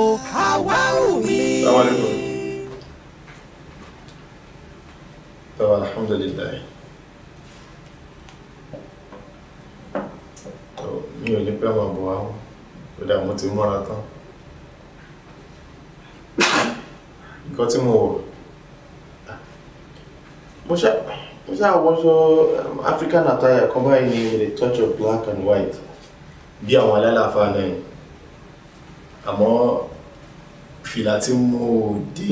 àwa wù mí. الحمد لله mi ò ní pẹ́ máa bọ̀ wá ó dà mo ti múra tán nǹkan tí mo wọ̀ mo ṣá mo ṣá wọṣọ um, African attire kan báyìí ní the touch of black and white bí àwọn alálàáfáà náà ni àmọ́ fìlà tí mo dé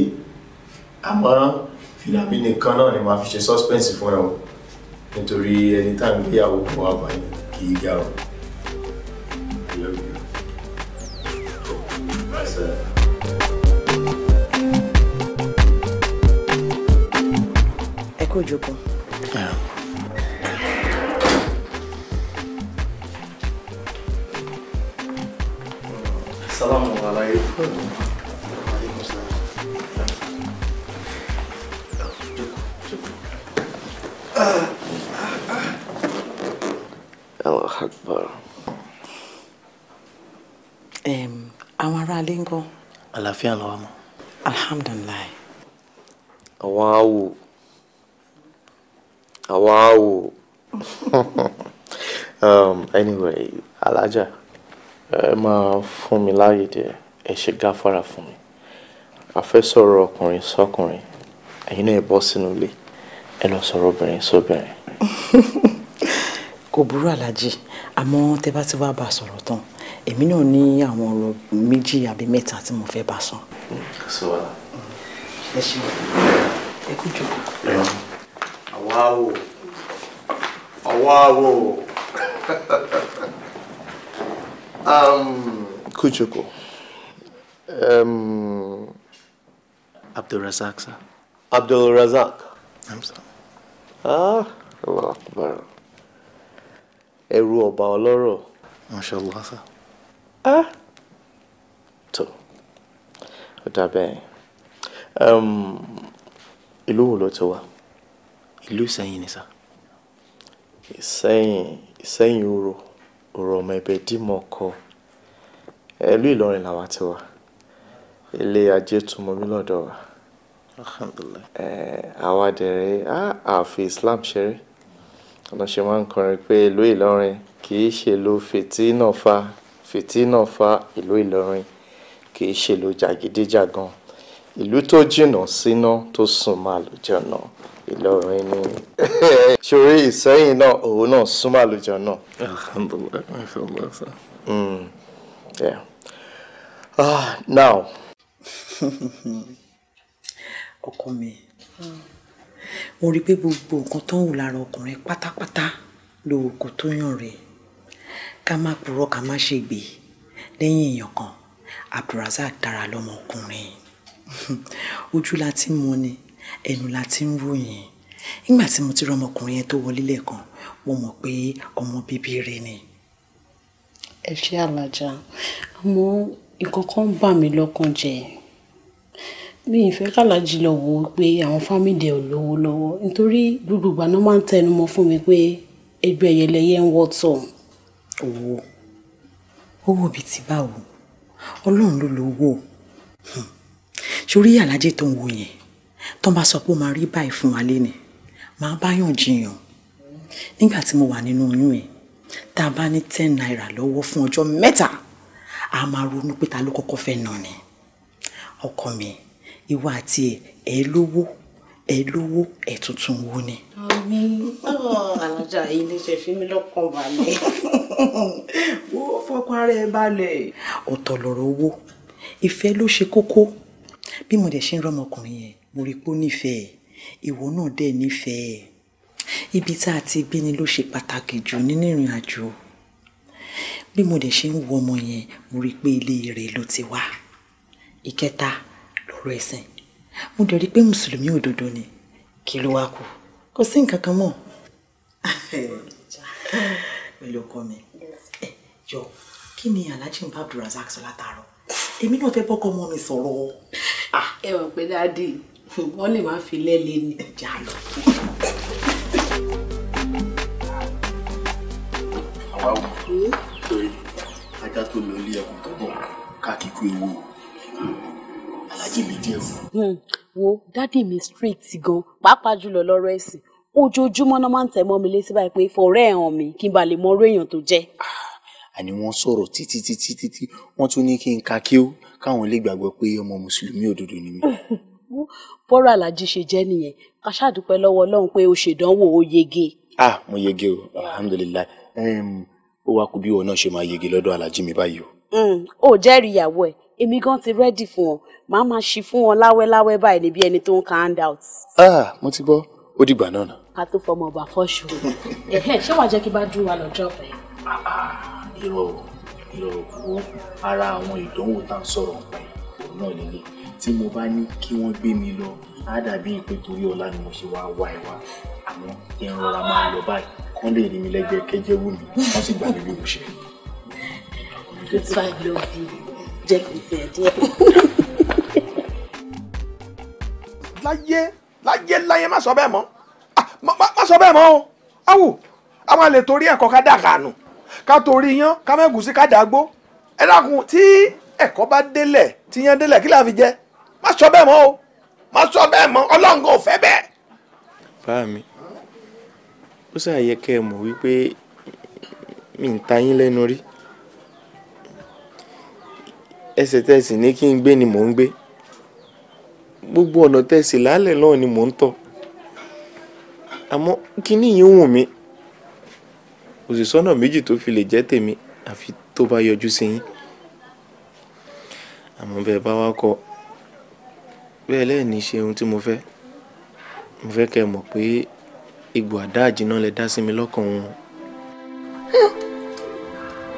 àmọ́ fìlàbí nìkan náà ni màá fi ṣe suspense fún ẹ o nítorí ẹni tá à ń gbéyàwó àbáyé kì í ga o. I love you. That's, uh, kò jókòó. Salamu alaykum. akbar. àwọn aráalé ń kọ́. àlàáfíà ló mọ́. alhamdulilayi. àwọn awo àwọn awo um, anyway alájà ẹ máa fún mi láàyè díẹ̀ ẹ ṣe gáfárà fún mi a fẹ́ sọ̀rọ̀ ọkùnrin sọ́kùnrin ẹ̀yin náà ẹ bọ́ sínú ilé ẹ lọ sọ̀rọ̀ obìnrin sóbìnrin. kò burú aláàjì àmọ́ tẹ bá ti wá bá a sọ̀rọ̀ tán èmi náà ní àwọn ọ̀rọ̀ méjì àbí mẹ́ta tí mo fẹ́ bá a sàn. ẹ ṣeun ẹ kú jókòó. àwa wò àwa wò um, kú jókòó um, Abdulrazak sir. Abdulrazak. I'm sorry. Ah, Allah Akbar ẹrú ọba ọlọ́rọ̀. mashallah sir. ah tó ó dábẹ́ ìlú wo ló ti wá. ìlú Ìsẹ́yìn ni sir. Ìsẹ́yìn Ìsẹ́yìn oro oro ọmọ ẹbẹ dìmọ̀ kọ ìlú Ìlọrin làwa ti wá ilé ajé túmọ̀ mi lọ́dọ̀ wa. alhamdulilayi. ẹ àwa dẹ̀rẹ̀ àfi Islam ṣeré ọ̀nà ṣe máa ń kọrin pé ìlú Ìlọrin kì í ṣe ìlú fìtínà fa fìtínà fa ìlú Ìlọrin kì í ṣe ìlú jàgídíjàgan ìlú tó jìnnà síná tó sùn máa lù jọ̀nà Ìlọrin ni ṣorí Ìsẹ́yìn náà òun náà sún máa lù jọ̀nà. Alhamdulillah, alhamdulillah, sir. Mm, yeah. Ah, now. ọkọ mi. Mm mo rí i pé gbogbo nǹkan tó ń wù lára ọkùnrin pátápátá ló wù kó tó yàn rè ká má purọ́ ká má ṣègbè lẹ́yìn èèyàn kan Abdulrasaq dára lọ́mọkùnrin ojú la ti mọ̀ ni ẹnu la ti ń ròyìn nígbà tí mo ti rí ọmọkùnrin yẹn tó wọlé lẹ́ẹ̀kan mo mọ̀ pé ọmọ bíbí rẹ ni. ẹ ṣe alájà àmọ́ nǹkan ń bà mí lọ́kàn jẹ́ mi ì fẹ́ kàlájì lọ wò ó pé àwọn fámìlì ẹ̀ ò lówó lọ́wọ́ nítorí gbogbo ìgbà náà máa ń tẹnu mọ́ fún mi pé ẹgbẹ́ ẹyẹlẹyẹ ń wọ́ tọ̀ owó owó bíi ti báwo ọlọ́run ló lówó sórí alájẹ tó ń wo yẹn tó ń bá sọ pé ó máa rí báyìí fún wa léni máa báyàn jiyàn nígbà tí mo wà nínú oyún ẹ tá a bá ní ten naira lọ́wọ́ fún ọjọ́ mẹ́ta a máa ronú pé ta ló kọ́kọ́ fẹ́ nà ni ọkọ mi ìwà àti ẹ ẹ lówó ẹ lówó ẹ tuntun wo ni. alájà yìí lè ṣe fi mí lọ́kàn balẹ̀. wo fọkàn ẹ balẹ̀. ọ̀tọ̀ lọ̀rọ̀ owó ìfẹ́ ló ṣe kókó bí mo dẹ̀ ṣe ń rọmọkùnrin yẹn mo rí i pé ó nífẹ̀ẹ́ ìwọ náà dẹ̀ nífẹ̀ẹ́ ibi tá a ti gbé ni ló ṣe pàtàkì jù nínú ìrìn àjò bí mo dẹ̀ ṣe ń wo ọmọ yẹn mo rí i pé ilé rẹ̀ ló ti wá ìkẹta ọ̀rọ̀ ẹ̀sìn mo dẹ̀ rí i pé mùsùlùmí òdodo ni kí ló wá kù kò sí nǹkan kan mọ́ pẹ̀lú ọkọ jọ kí ni alhaji ń bá abdulrasaq sọ látàárọ̀ èmi náà fẹ́ bọ́kọ ọmọ mi sọ̀rọ̀ ah, ẹ wọ pé dáàdì wọn lè máa fi lẹ́lẹ̀ ní ìjà lọ. àwa wò ó ajá tó lọ ilé ẹkùn tó bọ̀ káàkiri ewu alájí mi dé o. Hmm, wo dádì mi strict gan pàápàá jùlọ lọ́rọ̀ ẹ̀sìn ojoojúmọ́ náà máa ń tẹ̀ mọ́ mi létí báyìí pé fọ̀rẹ́ ẹ̀ hàn mí kí n ba lè mọ orú èèyàn tó jẹ́. Ah, àní wọ́n sọ̀rọ̀ títí títí títí wọ́n tún ní kí n ka kí ó káwọn lè gbàgbọ́ pé ọmọ mùsùlùmí òdodo ni mí. bọ́rọ̀ alájí ṣe jẹ́ nìyẹn ká ṣàdúpẹ́ lọ́wọ́ ọlọ́run pé o ṣèdánwò o yege. ah mo yege o alhamdulilayi ó wá kú bí ìwọ náà ṣe máa yege lọ́dọ̀ alájí mi báyìí o. Hmm, ó jẹ́rìí ìyàwó ẹ̀ èmi gan ti rẹ́dì fún ọ màá máa ṣí fún ọ láwẹ́láwẹ́ báyìí níbi ẹni tó ń ka handout. ah mo ti gbọ́ ó dìgbà náà nà. ká tó fọmọ ọba fọṣù ṣé wàá jẹ́ kí bá dúró wa lọ́jọ́ pẹ́. irọ́ irọ́ wo ara àwọn ìdánwò tá à ń sọ̀rọ̀ nípa ìwọ náà nílé tí mo bá ní kí wọ́n gbé mi lọ á dàbí ìpè torí ọlá ni mo ṣe wá wá ẹ wá àmọ́ ẹran máa lọ báyìí kán lè rí mi lẹ́gbẹ̀ẹ́ kẹ́jẹ́ wù mí wọ́n sì gbà mí bí mo ṣe jẹ́ kí n fẹ́ díẹ̀. láyé láyé láyé má sọ bẹ́ẹ̀ mọ́ ah, má sọ bẹ́ẹ̀ mọ́ o awù àwọn àlè torí ẹ̀kọ́ ká dà kànù ká torí yán ká mẹ́gùsí ká dàgbó ẹ dákun tí ẹ̀kọ́ bá délẹ̀ tí yán délẹ̀ kí la fi jẹ má sọ bẹ́ẹ̀ mọ́ o má sọ bẹ́ẹ̀ mọ́ ọlọ́run kò fẹ́ bẹ́ẹ̀. báà ó ṣàyẹ kẹ́ ẹ mọ̀ wípé mi ń ta yín lẹ́nu rí ẹsẹ̀ tẹ̀sí ní kí n gbé ni mò ń gbé gbogbo ọ̀nà tẹ̀sí lálẹ́ náà ni mò ń tọ̀ àmọ́ kíní yìí ń wù mí kò sì sọ́nà méjì tó fi lè jẹ́ tèmi àfi tó bá yọjú sí yín àmọ́ bẹ́ẹ̀ bá wá kọ bẹ́ẹ̀ lẹ́ẹ̀ni ṣe ohun tí mo fẹ́ mo fẹ́ kẹ́ ẹ mọ̀ pé egbò àdá àjìná lè dá sí mi lọ́kàn wọn.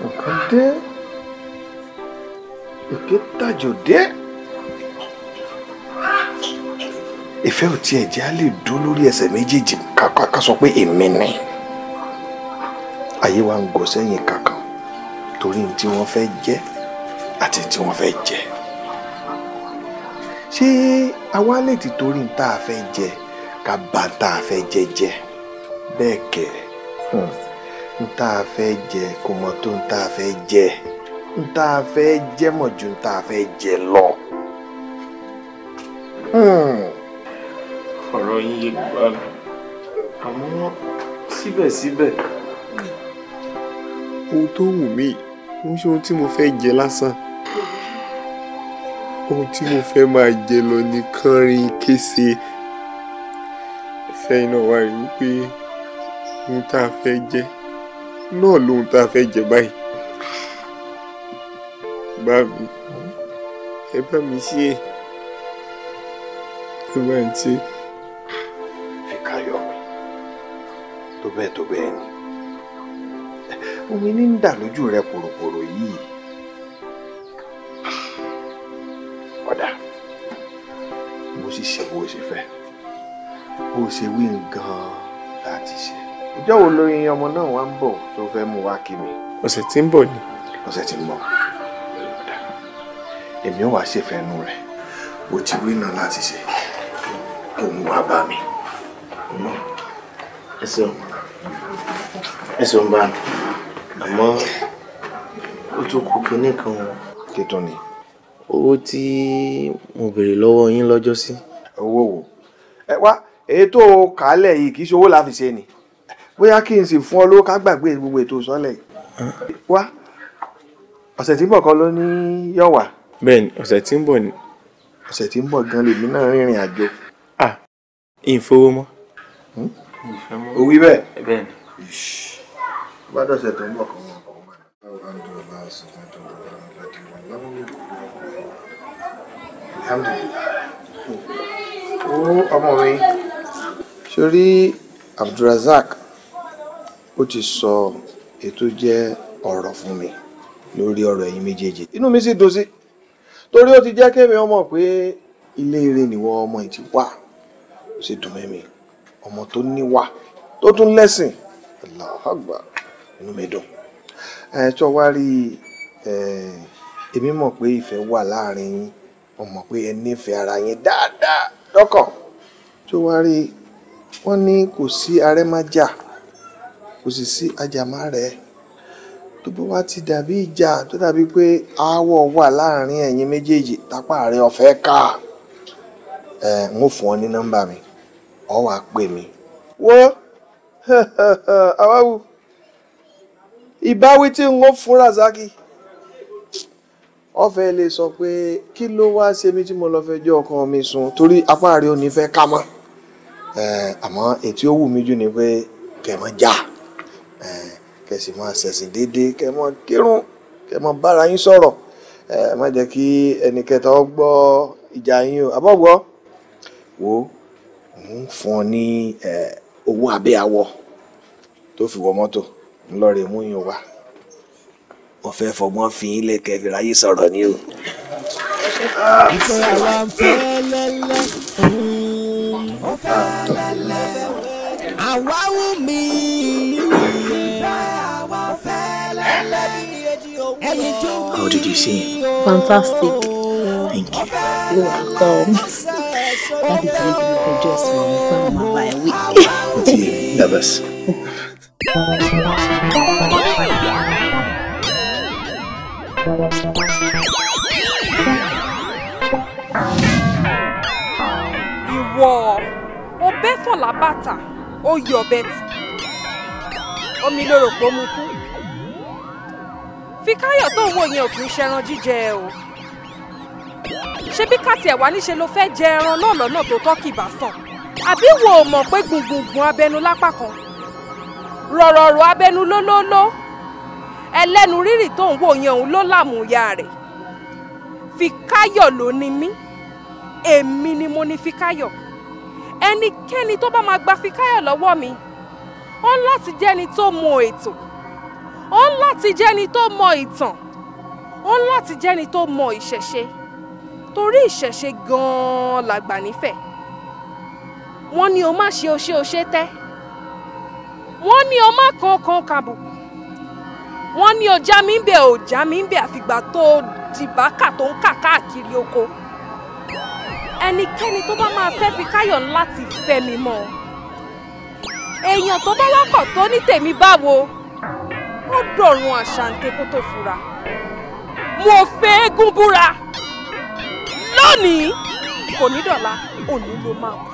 ọ̀kan dé ìké tàjòdé ìfẹ́ ò tiẹ̀ jẹ́ á lè dún lórí ẹsẹ̀ méjèèjì ká sọ pé èmi ni ayé wa ń gọ sẹ́yìn kankan torí tí wọ́n fẹ́ jẹ́ àti tí wọ́n fẹ́ jẹ́ ṣé àwa lè ti torí tá a fẹ́ jẹ ká bà tá a fẹ́ jẹ jẹ́ bẹ́ẹ̀ kẹ́ ń hmm, tá a fẹ́ jẹ kò mọ̀ tó ń tá a fẹ́ jẹ́ ń tá a fẹ́ jẹ́ mọ̀ ju ń fẹ́ jẹ lọ. Hmm. ọ̀rọ̀ yín yé gbà mí àmọ́ síbẹ̀síbẹ̀ ohun tó wù mí ń ṣe ohun tí mo fẹ́ jẹ lásán ohun tí mo fẹ́ máa jẹ lọ ni kánrin kése ẹ̀fẹ́ iná wa wípé ohun tá a fẹ́ jẹ náà lóhun tá a fẹ́ jẹ báyìí bá mi mi ṣe é ẹ bá ń ṣe. fi káyọ̀ mi tó bẹ́ẹ̀ tó bẹ́ẹ̀ ni omi ní ń dà lójú rẹ pòròpòrò yìí ọ̀dà bó sì ṣe bó ṣe fẹ́ bó ṣe wí gan-an láti ṣe. ìjọ́ wo lóyún ọmọ náà wá ń bọ̀ tó fẹ́ mú wá kí mi. ọ̀sẹ̀ tí ń bọ̀ ni. ọ̀sẹ̀ tí ń bọ̀ èmi ò wá ṣèfẹ́nu rẹ̀ bó ti wí náà láti ṣe òun wá bá mi. ẹ ṣeun ẹ ṣeun bá mi àmọ́ ó tún kú kinní kan o. kí tó ni. owó tí mo béèrè lọ́wọ́ yín lọ́jọ́ sí. owó wo ẹ wá ètò kàálẹ̀ yìí kì í ṣe owó la ṣe ni bóyá kí n sì fún ọ lówó ká gbàgbé gbogbo ètò sọ́lẹ̀ yìí wá ọ̀sẹ̀ tí bọ̀ kan ló ní yọ̀wà Bẹ́ẹ̀ni, ọ̀sẹ̀ tí ń bọ̀ ni. Ọ̀sẹ̀ tí ń bọ̀ gan lèmi náà rìnrìn àjò. À, ìfowó hmm? mọ́. O wí bẹ́ẹ̀? Bẹ́ẹ̀ni. Bá dọ̀sẹ̀ tó ń bọ̀ kàn wọ́n. Alhamdulillah. Ó ọmọ mi. Sori Abdulrasaq ó ti sọ ètò jẹ́ ọ̀rọ̀ fún mi lórí ọ̀rọ̀ ẹ̀yin méjèèjì. Inú mi sì dùn sí torí ó ti jẹ́ kémi ọmọ pé ilé eré nìwọ ọmọ ìtì wà ó sì dùn mẹ́mi ọmọ tó níwà tó tún lẹ́sìn aláhàgbà inú mi dùn ẹ tó wá rí èmi mọ̀ pé ìfẹ́ wà láàrin yín ọmọ pé ẹ nífẹ̀ẹ́ ara yín dáadáa lọ́kàn tó wá rí wọ́n ní kò sí arẹ́májà kò sì sí ajàmá rẹ̀ tó bá wá ti dàbí ìjà tó dàbí pé aáwọ̀ wà láàrin ẹ̀yin méjèèjì tápá rẹ ọ̀fẹ́ ká ẹ̀ ń fún ọ ní nọ́mbà mi ọ wà pè mí. wọ́n àwáwù ìbáwí tí n ó fún Razaki ọfẹ lè sọ pé kí ló wá ṣe mí tí mo lọ fẹjọ́ ọkọ mi sùn torí apá rẹ ò ní fẹ́ ká mọ́ àmọ́ ètí ó wù mí jù ni pé kẹmọ já. Ja kẹ́ sì máa ṣẹ̀sìn déédéé kẹ́ mọ́ kírun kẹ́ mọ́ bára yín sọ̀rọ̀ ẹ má jẹ́ kí ẹnì kẹta ọ gbọ́ ìjà yín o àbọ̀gbọ́ wo ń fún ọ ní owó abẹ́ awọ tó fi wọ mọ́tò ńlọrọ̀ èmú yín wá wọ́n fẹ́ fọgbọ́n fi yín lẹ́kẹ̀ẹ́ fi ráyè sọ̀rọ̀ ni o. àwa wù mí. How did you see him? Fantastic. Thank you. You're welcome. That is really me feel just for me. I'm my way. What's are you nervous? Ìwọ ọbẹ̀ fọ̀lá bàtà ó yọ ọbẹ̀ tì. Omi lóró pé mú kú ṣebí káyọ̀ tó ń wò yẹn ò kì í ṣẹran jíjẹ o ṣebí kàtẹ́ wà níṣe ló fẹ́ jẹ ẹran náà lọ́nà tó tọ́kì bá sàn àbí wo ò mọ̀ pé gbùngbùngbùn abẹnu lápá kan rọ̀rọ̀rọ̀ abẹnu lólóló ẹlẹ́nu rírì tó ń wò yẹn òun ló làmúyà rẹ̀ Fikáyọ̀ ló ni mí èmi ni mo ni Fikáyọ̀ ẹnikẹ́ni tó bá máa gba Fikáyọ̀ lọ́wọ́ mi ó láti jẹ́ni tó mọ ètò ó ń láti jẹ́ni tó mọ ìtàn ó ń láti jẹ́ni tó mọ ìṣẹ̀ṣe torí ìṣẹ̀ṣe gan-an làgbà nífẹ̀ẹ́ wọ́n ní o má ṣe oṣé oṣé tẹ́ wọ́n ní o má kan kan kàbùkù wọ́n ní ọjà mi ń bẹ ọjà mi ń bẹ àfìgbà tó dìbákà tó ń kà káàkiri oko ẹnikẹ́ni tó bá máa fẹ́ fi káyọ̀ láti fẹ́ mi mọ́ èèyàn tó bá wákọ̀ tó ní tèmi báwo ó dọ̀run àṣàǹtẹ̀ kó tó fura mo fẹ́ eégún búra lónìí kò ní dọ̀la òní ló máa kú.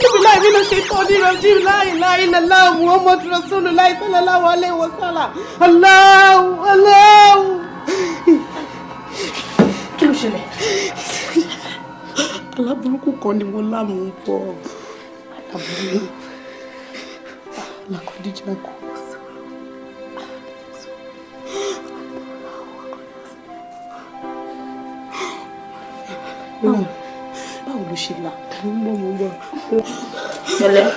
Kí ló ṣẹlẹ̀? aláburúkú kan ni mo láàmú bọ̀ aláburú alákọ̀díjà kù. báwo ló ṣe là ń mo gbọ́. tẹ́lẹ̀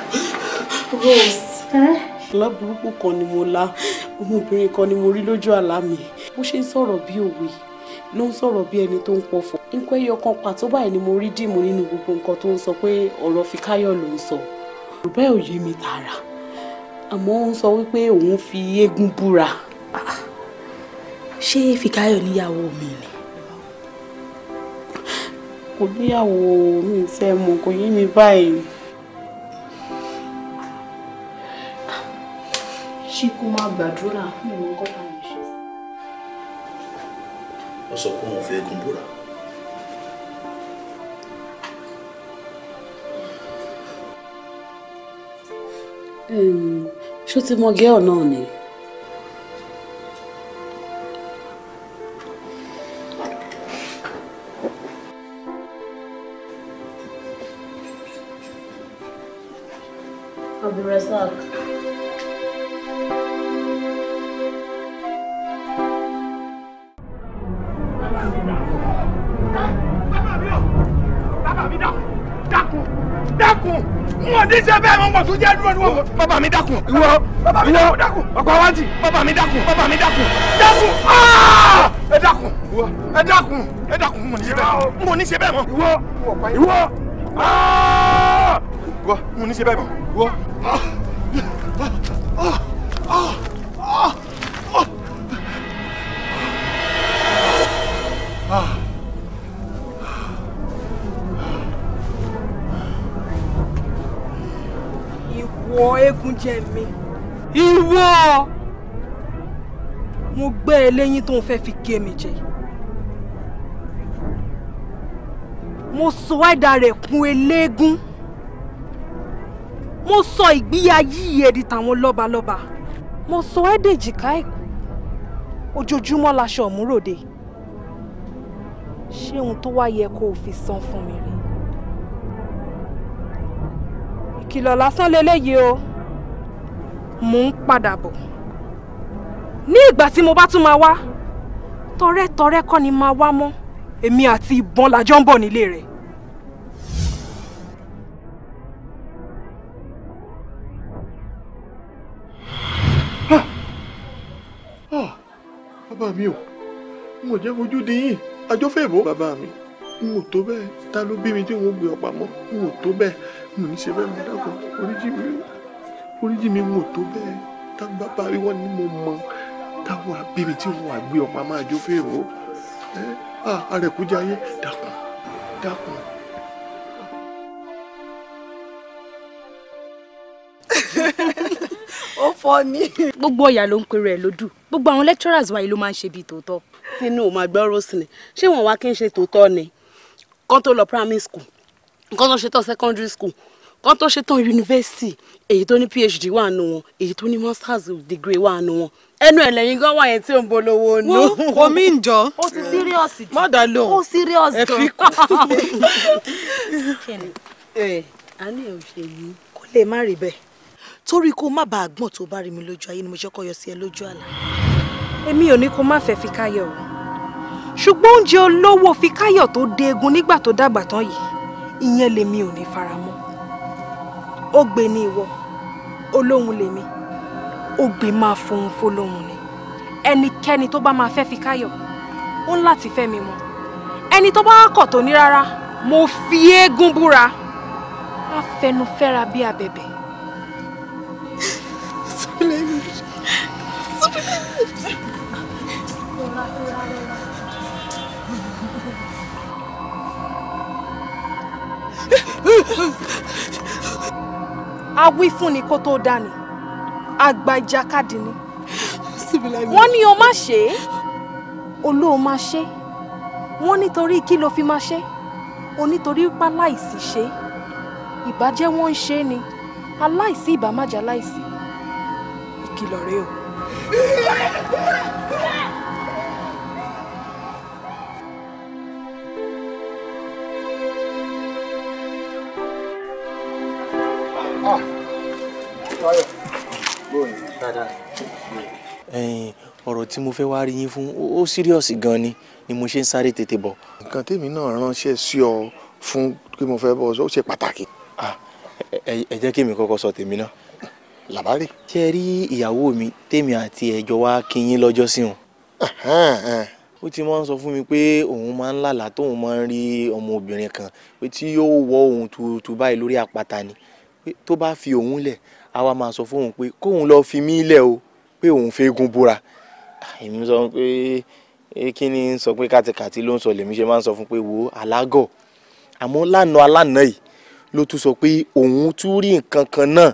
rose aláburúkú kan ni mo lá ọmọbìnrin kan ni mo rí lójú àlá mi bó ṣe ń sọ̀rọ̀ bí òwe ló ń sọ̀rọ̀ bí ẹni tó ń pọ̀fọ̀ nǹkan ẹyọ kan pàtó báyìí ni mo rí dìmú nínú gbogbo nǹkan tó ń sọ pé ọ̀rọ̀ Fikáyọ̀ ló ń sọ yorùbá ò yé mi tààrà àmọ́ ó ń sọ wípé òun fi eégún búra. Ah, ṣé Fikáyọ̀ níyàwó mi ni. kò níyàwó mi fẹ́ mọ̀ kò yé mi báyìí. ṣé má gbàdúrà fún ìwọ gọ́tà ó sọ pé òun fẹ́ gun búra. ṣó ti mọ gẹ́ọ̀ náà ni. Abdulrasaq. díṣẹ́ bẹ́ẹ̀ mo mọ̀ tó jẹ́ dúró dúró. bàbá mi dákun ìwọ Baba ọ̀pá wájì bàbá mi dákun bàbá mi dákun dákun ah! ẹ dákun ẹ dákun ẹ dákun mo ní ṣe bẹ́ẹ̀ mọ́ mo ní ṣe bẹ́ẹ̀ mọ́ ìwọ ìwọ ah! ìwọ mo ní ṣe bẹ́ẹ̀ mọ́ ìwọ. Ah! jẹ mi ìwọ mo gbé e lẹ́yìn tó ń fẹ́ fi gé mi jẹ mo sọ ẹ̀dà rẹ̀ kún eléégún mo sọ ìgbéyà yíyí ẹ̀dì tàwọn lọ́balọ́ba mo sọ ẹ̀dẹ̀jìká ẹ̀kú ojoojúmọ́ laṣọ òmúròde ṣé ohun tó wá yẹ kó o fi san fún mi rèé ìkìlọ̀ lásán leléyìí o mò ń padà bọ̀ ní ìgbà tí mo bá tún máa wá tọrẹ́tọrẹ́ kọ́ ni máa wá mọ́ èmi àti ìbọn làjọ ń bọ̀ nílé rẹ̀. bàbá mi ò n ò jẹ́ fojú di yín àjọfẹ́ ìbò bàbá mi n ò tó bẹ́ẹ̀ ta ló bí mi tí n ò gbé ọ̀pá mọ́ n ò tó bẹ́ẹ̀ mo ní ṣe bẹ́ẹ̀ mo dákun oríjì mi oríjì mi wò tó bẹ́ẹ̀ táwọn bàbá rí wọn ni mo mọ táwọn àbíbi tí wọn àgbé ọmọ àmọ́ àjọ fèrò ẹ àrẹ̀kújáyé dákun dákun. ó fọ́ ni. gbogbo ọ̀yà ló ń pèrè ẹ̀ lódù gbogbo àwọn lecturers wa yìí ló máa ń ṣe bíi tòótọ́. inú ò máa gbọ́ rosin ṣé wọ́n wá kí n ṣe tòótọ́ ni kán tó lọ primary school kán tó ṣe tán secondary school kán tó ṣe tán yunifásitì èyí tó ní phd wà nù wọn èyí tó ní masters degree wà nù wọn ẹnu ẹ lẹ́yìn gan wà yẹn tí ò ń bolówó nù. wọ́n kò mí ń jọ. o ti serious. mọ́dà lò ó serious gan. ẹ fi kú. àní ẹ ò ṣe yìí. kó lè má rí bẹ́ẹ̀ torí kó má bàa gbọ́n tó bá rí mi lójú ayé ni mo ṣe kọ́ yọ sí ẹ lójú àlá. èmi ò ní kó má fẹ́ fi káyọ̀ o ṣùgbọ́n oúnjẹ olówó fi káyọ̀ tó déegun nígbà tó dàgbà tán yìí ìyẹn lèmi ò ní faramọ́ ògbè ni ìwọ olóhùn lèmi ògbè máa fohùn fọlóhùn ni ẹnikẹ́ni tó bá máa fẹ́ fi káyọ̀ ó ń láti fẹ́ mi mọ́ ẹni tó bá kọ̀ tó ní rárá mo fi eégún búra á fẹnu fẹ́ra bí abẹ̀bẹ̀ awífúnni kó tó dání àgbà ìjàkadì ni wọ́n ní o má ṣe é olóò má ṣe wọ́n nítorí kí ló fi má ṣe o pa láìsí ṣe ìbàjẹ́ wọ́n ń ṣe ni aláìsí ìbámájà láìsí ìkìlọ̀ rèé o. ẹ̀yin ọ̀rọ̀ tí mo fẹ́ wá rí yín fún ó sírìọ́sì gan ni ni mo ṣe ń sáré tètè bọ̀. nǹkan tèmi náà ránṣẹ́ sí ọ fún pé mo fẹ́ bọ̀ ọ ṣe pàtàkì. ẹ jẹ́ kí èmi kọ́kọ́ sọ tèmi náà. làbárì. ṣé rí ìyàwó mi tèmi àti ẹ̀jọ̀ wá kí yín lọ́jọ́ sí wọn. ó ti máa ń sọ fún mi pé òun máa ń lálà tóun máa ń rí ọmọbìnrin kan pé tí yóò wọ òun tuurutu báyìí lórí àpáta ni tó bá fi òun lẹ̀ a wá máa sọ fóun pé kóun lọ fi mí lẹ̀ o pé òun fẹ́ gun búra èmi sọ pé kí ni ń sọ pé kàtìkàtì ló ń sọ lèmi ṣe máa ń sọ fún pé wo alágọ̀ àmọ́ lánàá alánàá yìí ló tún sọ pé òun tún rí nǹkan kan náà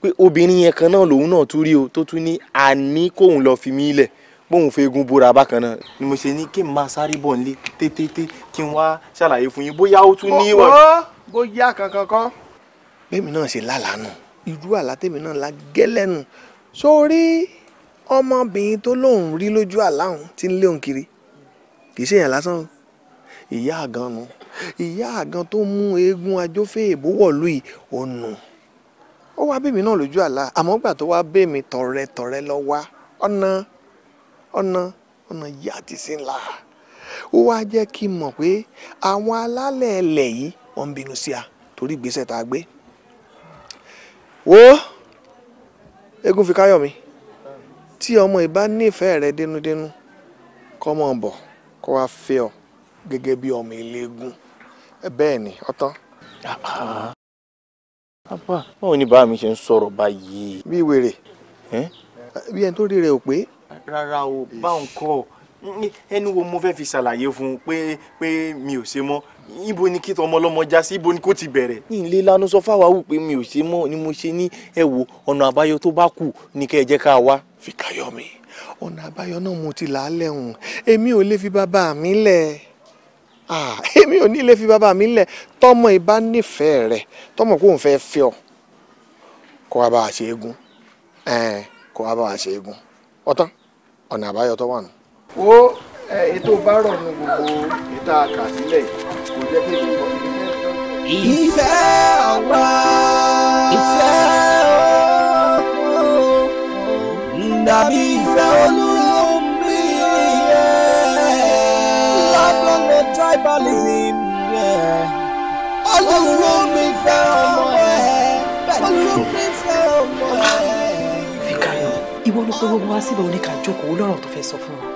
pé obìnrin yẹn kan náà lòun náà tún rí o tó tún ní àní kóun lọ fi mí lẹ̀ bóun fẹ́ gun búra bákan náà ni mo ṣe ní kí n máa sáré bọ̀ nílé tètè kí n wá ṣàlàyé fún yín bóyá ó tún ní ìwà. bóyá kankan kan. bẹ́ẹ̀ mi náà ṣe lálàá irú àlá tèmi náà la gẹ́lẹ́ nù sórí ọmọbìnrin tó lóun rí lójú àlá òun tí ń lé òun kiri kì í ṣe èèyàn lásán ìyá àgàn nu ìyá àgàn tó mú eégún ajófẹ́ ìbúwọ̀lú yìí ò nù ó wá bèmí náà lójú àlá àmọ́ gbà tó wá bèmí tọ̀rẹ́tọ̀rẹ́ lọ wá ọ̀nà ọ̀nà ọ̀nà yá ti sí ńlá ó wá jẹ́ kí n mọ̀ pé àwọn alálẹ̀ ẹlẹ̀ yìí wọ́n ń bínú sí a torí ìgbésẹ̀ tá a gbé wo eégún fi káyọ̀ mi tí ọmọ ìbá nífẹ̀ẹ́ rẹ dénúdénú kọ́ mọ̀ bọ̀ kó wá fẹ́ ọ gẹ́gẹ́ bí ọmọ eléégún bẹ́ẹ̀ ni ọtán. apá báwo ni bàá mi ṣe ń sọ̀rọ̀ báyìí. bí wèrè bí ẹni tó rí rẹ ò pé. rárá o báwọn kọ ẹnu wo mo fẹ́ fi ṣàlàyé fún un pé pé mi ò ṣe mọ́ ibo ni kí ọmọ já sí ibo ni kò ti bẹ̀rẹ̀. ní ilé lanu sọ fáwa wù pé mi ò ṣe mọ́ ni mo ṣe ní ẹ wo ọ̀nà àbáyọ tó bá kù ní kẹ́ ẹ jẹ́ ká wá. Fìkàyọ̀mí ọ̀nà àbáyọ náà mo ti là á lẹ́hùn èmi ò lè fi bàbá mi lẹ̀ èmi ò ní lè fi bàbá mi lẹ̀ tọmọ ìbá nífẹ̀ẹ́ rẹ̀ tọmọ kò ń fẹ́ fẹ́ ọ kó wa bá a ṣe eégún kó wa bá a ṣe eégún ọtán ọ̀nà àbáyọ tó wà nù. wo ètò bá rọ̀ nu gbogbo ìta kà yìí ìfẹ́ ọ̀wá ìfẹ́ ọ̀wá dàbí ìfẹ́ olúmi lábẹ́lẹ̀ tribalism olúmi fẹ́ ọmọ ẹ̀ olúmi fẹ́ ọmọ ẹ̀. fíkàyọ̀ ìwọ ló pé gbogbo wa síbẹ̀ oníkà jókòó lọ́rọ̀ tó fẹ́ sọ fún wa.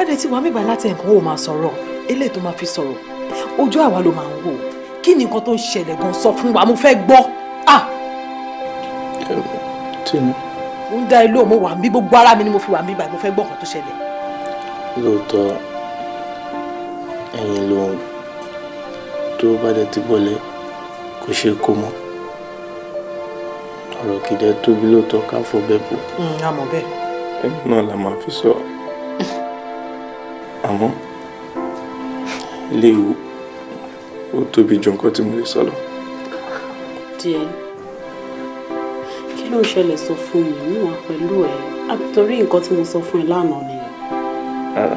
adé tí wàá mìgbà láti ẹ̀kọ́ ò máa sọ̀rọ̀ eléyìí tó máa fi sọ̀rọ̀ ojú àwa ló máa ń wò kí ni nǹkan tó ń ṣẹlẹ̀ gan sọ fún wa mo fẹ́ gbọ́ ah. tìǹbù. ó ń dá ilé òun wà mí gbogbo ara mi ni mo fi wà mí báyìí mo fẹ́ gbọ́ nǹkan tó ṣẹlẹ̀. lóòótọ́ ẹ̀yìn lòun tó bá dẹ̀ ti bọ̀lẹ̀ kò ṣeé kó mọ́ ọ̀rọ̀ kìdẹ́ tóbi lóòótọ́ ká fọ bẹ́ẹ̀ bò. àmọ́ hmm, bẹ́ẹ̀. ẹgbẹ́ náà la máa fi sọ àmọ́. léwu ó tóbi jù nǹkan tí mo lè sọ lọ. díẹ̀ kí ló ń ṣẹlẹ̀ sọ fún mi níwọ̀n pẹ̀lú ẹ̀ àtòrí nǹkan tí mo sọ fún ẹ lánàá ni. rárá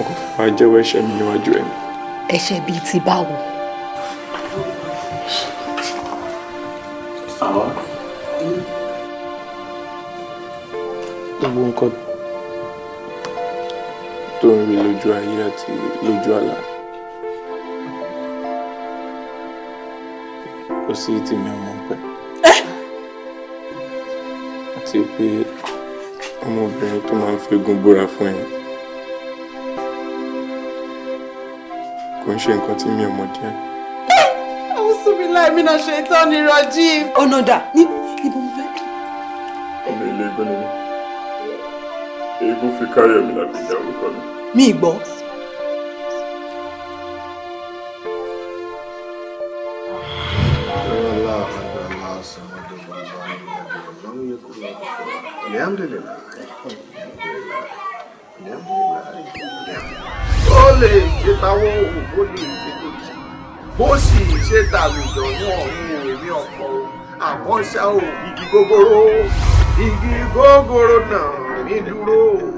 ọkọ̀ fún wa jẹ́wọ́ ẹ̀ṣẹ̀ mi níwájú ẹ̀ ni. ẹ̀ṣẹ̀ bíi ti báwo. àwọn gbogbo nǹkan tó ń rí lójú ayé àti lójú àlá. kò sí tèmi ọmọ pẹ́ eh! àti pé ọmọbìnrin tó máa ń fegun búra fún ẹ kò ń ṣe nǹkan tí mi ò mọ̀ díẹ̀. àwọn eh! sùnmi láì mí náà ṣe tán ni rọjí. ọ̀nà dà ní ibo mo fẹ́ kí. ọmọ ilé ẹgbẹ́ nínú eégún fi káyọ̀ mi làbí ìyá orúkọ mi ì bó sì ṣe tàlùjọ náà ní èmi ọkọ àmọ́ ṣá ò igi gogoro igi gogoro náà mi dúró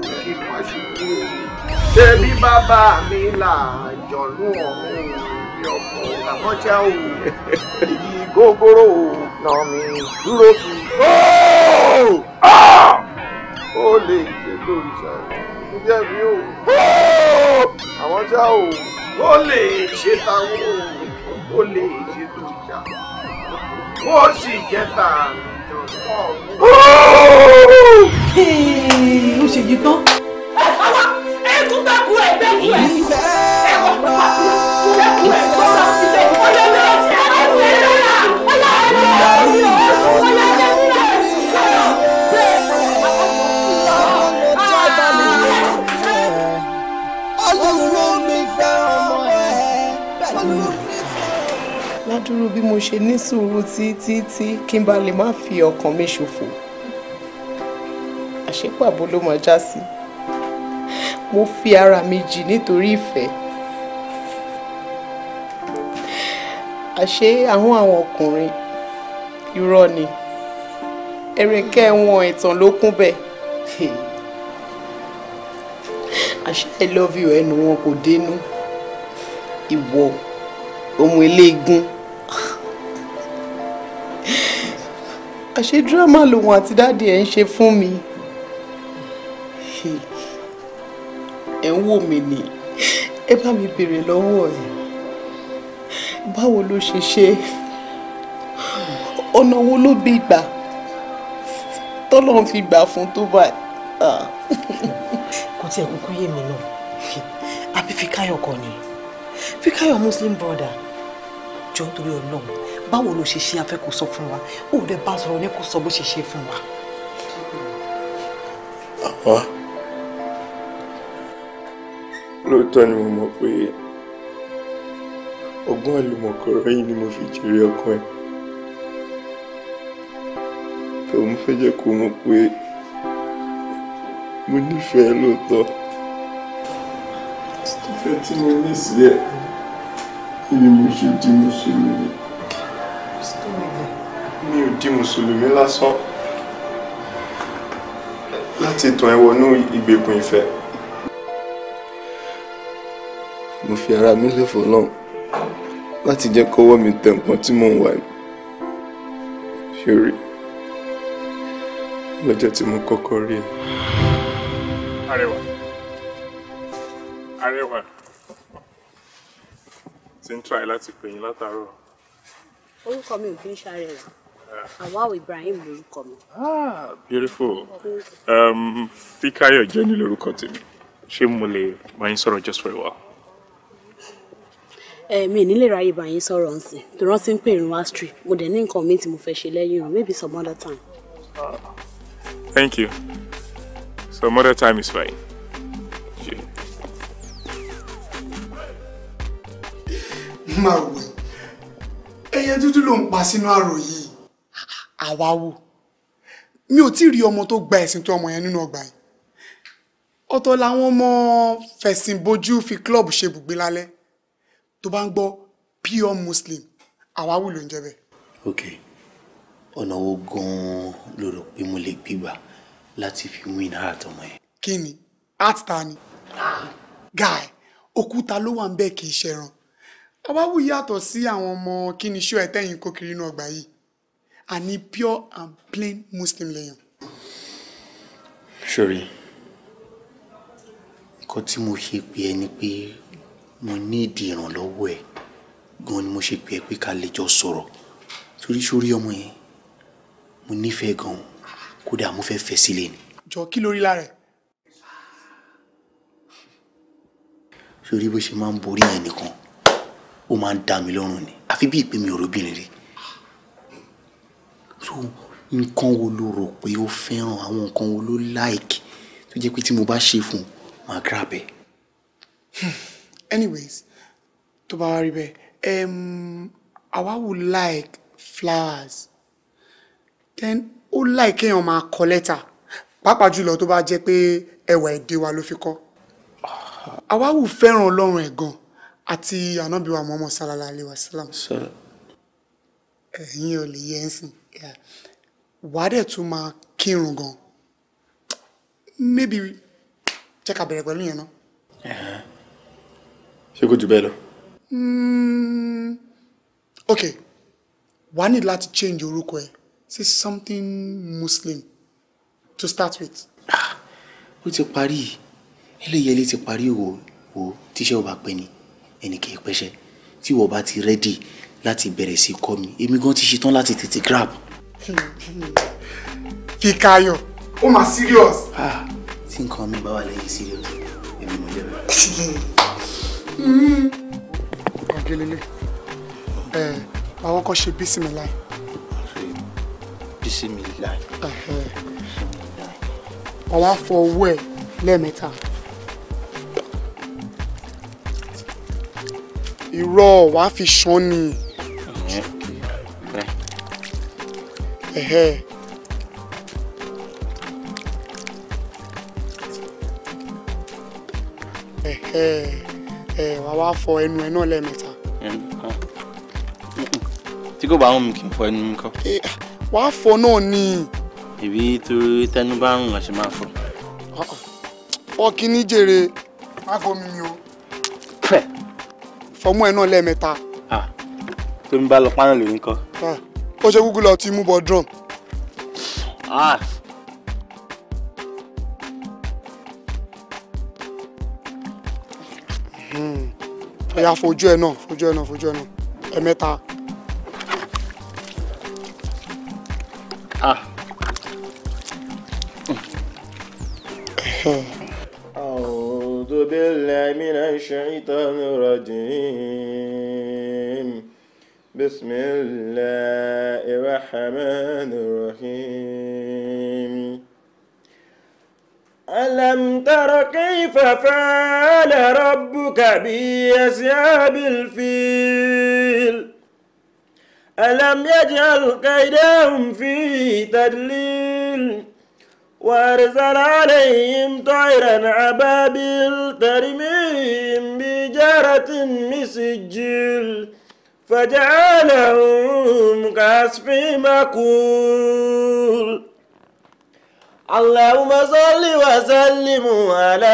ṣebí bàbá mi là jọ̀nù ọ̀hún ìbí ọkọ̀ àmọ́ṣá o èyí gógóró nà mí dúró kí ah! ó lè ṣe lórí ṣáà ìjẹ́ mi o àwọn ṣá o ó lè ṣe táwọn o ó lè ṣe lórí ṣáà ó sì jẹ́ tààrùn jọ̀nù ọ̀hún. ó ṣèjì tán ládùúrú bí mo ṣe ní sùúrù títí tí kí n bá lè má fi ọkàn mi ṣòfò àṣepàbó ló máa já sí. Si mo fi ara mi jì nítorí ìfẹ́ àṣé àwọn àwọn ọkùnrin irọ́ ni ẹ̀rẹ̀kẹ́ wọn ẹ̀tàn ló kún bẹ́ẹ̀ àṣé i love you ẹnu wọn kò dénú ìwọ ohun eléegun àṣé dírámà lòun àti dáàdi ẹ̀ ń ṣe fún mi ẹ̀ ń wò mí ni ẹ bá mi béèrè lọ́wọ́ ẹ̀ báwo ló ṣe ṣe ọ̀nà wo ló gbé gbà tọ́lọ́run fi gbà fún tó báyìí. kò tiẹ̀ kúkú yé mi náà àbí Fikayo kọ́ ni Fikayo Muslim brother jọ nítorí Ọlọ́run báwo ló ṣe ṣe afẹ́ kó sọ fún wa ó dẹ̀ bá sọ̀rọ̀ ní kó sọ bó ṣe ṣe fún wa. àwa lóòótọ́ ni mo mọ̀ pé ọgbọ́n àlùmọ̀kọ́rọ́ yìí ni mo fi jèrè ọkọ ẹ̀ tó mo fẹ́ jẹ́ kó mọ̀ pé mo nífẹ̀ẹ́ lóòótọ́ ìfẹ́ tí mo ní sí ẹ̀ ni mo ṣe di mùsùlùmí mi ò di mùsùlùmí lásán láti tàn ẹ́ wọnú ìgbèkùn ìfẹ́. fi ara mi lé fọlọ́n láti jẹ́ kọ́wọ́ mi tẹ̀ nǹkan tí mò ń wà ní. ṣòrí lọ́jọ́ tí mo kọ́kọ́ rí ẹ. Arẹwà Arẹwà ti ń try láti pè yín látàárọ̀. orúkọ mi ò kí ń ṣàrẹwà Awao ah. Ibrahim lorúkọ mi. ah beautiful um, Fíkáyọ̀ jẹ́ ní lórúkọ tèmi ṣé mo lè máa ń sọ̀rọ̀ just for a while. Eh, mi ní lè ráyè bá yín sọ̀rọ̀ nsìn tó rántí ń pè irun wá street mo dẹ̀ ní nǹkan mi tí mo fẹ́ ṣe lẹ́yìn irun maybe some other time. Uh, thank you some other time is fine. máa wẹ̀ ẹyẹ dúdú ló ń pa sínú àrò yìí. àwa wo mi ò tí ì rí ọmọ tó gba ẹ̀sìn tó ọmọ yẹn nínú ọgbà yìí ọ̀tọ̀ làwọn ọmọ fẹ̀sìn bojú fi club ṣe bùgbé lálẹ́ tó bá ń gbọ́ pure muslim àwáwù ló ń jẹ́ bẹ́ẹ̀. ok ọ̀nà wo gan-an ló rò pé mo lè gbégbà láti fi win heart ọmọ yẹn. kí ni heart ta ni guy òkúta ló wà ń bẹ́ẹ̀ kì í ṣẹran àwáwù yàtọ̀ sí àwọn ọmọ kí ṣó ẹ̀tẹ́yìn kó kiri inú ọgbà yìí àní pure and plain muslim lèèyàn. sori nǹkan tí mo ṣe pé ẹni pé mo ní ìdí ìrànlọ́wọ́ ẹ̀ gan ni mo ṣe pè é pé ká lè jọ sọ̀rọ̀ torí sórí ọmọ yẹn mo nífẹ̀ẹ́ gan kódà mo fẹ́ fẹ́ sílẹ̀ ni. jọ kí lórí lára ẹ. sórí bó ṣe máa ń borí yẹn nìkan ó máa ń dá mi lọ́rùn ni àfi bí ìpè mi ò róbìnrin rí so nǹkan wo ló rò pé ó fẹ́ràn àwọn nǹkan wo ló like tó jẹ́ pé tí mo bá ṣe fún un máa grab ẹ̀. Hmm anyways tó bá wá rí bẹ́ẹ̀ would like flowers then ó like kéèyàn máa kọ lẹ́tà pàápàá jùlọ tó bá jẹ́ pé ẹwà èdè wa ló fi kọ́ àwa wù fẹ́ràn ọlọ́run ẹ̀gàn àti ànábìwà mọ́mọ́ sálálá alẹ́ wa sálám ẹ̀yin ò lè yẹ ẹ́ sìn wàá dẹ̀ tún máa kírun gan maybe jẹ́ ká bẹ̀rẹ̀ pẹ̀lú yẹn náà ṣé kò jù bẹ́ẹ̀ lọ. Hmm, ok wàá ní láti change orúkọ ẹ sí something muslim to start with. Ah, ó ti parí eléyẹlé ti parí òwò òwò tíṣẹ́ ò bá pẹ́ ni ẹnì kì í pẹ́ṣẹ́ tí ìwọ bá ti rẹ́dì láti bẹ̀rẹ̀ sí kọ́ mi èmi gan ti ṣetán láti tètè grab. Fikayo ó mà serious. Ah, tí nǹkan mi bá wà lẹ́yìn serious èmi mo lè rẹ̀. ọ̀gẹ̀lẹ̀lẹ̀ ẹ àwọn kan ṣe bísímìláì. bísímìláì. ọwọ́ afọ ọwọ́ ẹ̀ lẹ́ẹ̀mẹ́ta. irọ́ wàá fi ṣan ni. ẹ̀hẹ́. ẹ̀hẹ́ ẹ wà wá fọ ẹnu ẹ náà lẹ́ẹ̀mẹ́ta. tí kò bá wù mí kí n fọ ẹnu mi kọ́. wà á fọ náà ni. ìbí torí tẹnu bá rùn àṣẹ máa fọ. fọ kíní jèrè má fomi mi o. fọmú ẹ náà lẹ́ẹ̀mẹ́ta. tómi bá lọ pánà lórí nǹkan. Ah, ó ṣe gúgú lọ tí mú bọ drum. ẹ̀yà fojú ẹ̀ náà fojú ẹ̀ náà fojú ẹ̀ náà ẹ̀mẹ́ta. أعوذ بالله من الشيطان الرجيم بسم الله الرحمن الرحيم ألم تر كيف فعل ربك بأصحاب الفيل ألم يجعل كيدهم في تدليل وأرسل عليهم طيرا عبابيل ترميهم بجارة مسجل فجعلهم كعصف مأكول اللهم صل وسلم على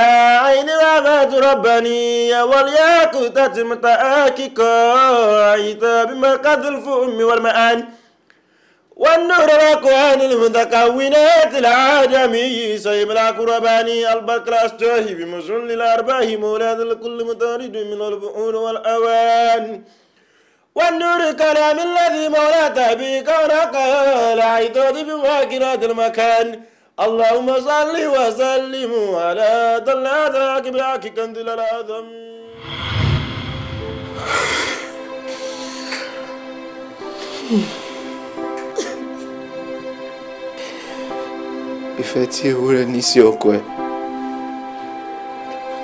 عين ربني تتم ربانية والياقوتة بما قد الفم والمعاني والنور الأكوان المتكونات العالمي صيب رباني البكر استاهي بمسل الارباح مولاد لكل مطارد من البؤون والأوان والنور كلام الذي مولاته به كونك لا عدود بماكنات المكان اللهم صل وسلم على طلعتك بعك كندل الأعظم ìfẹ́ tí ewúrẹ́ ní sí ọkọ ẹ̀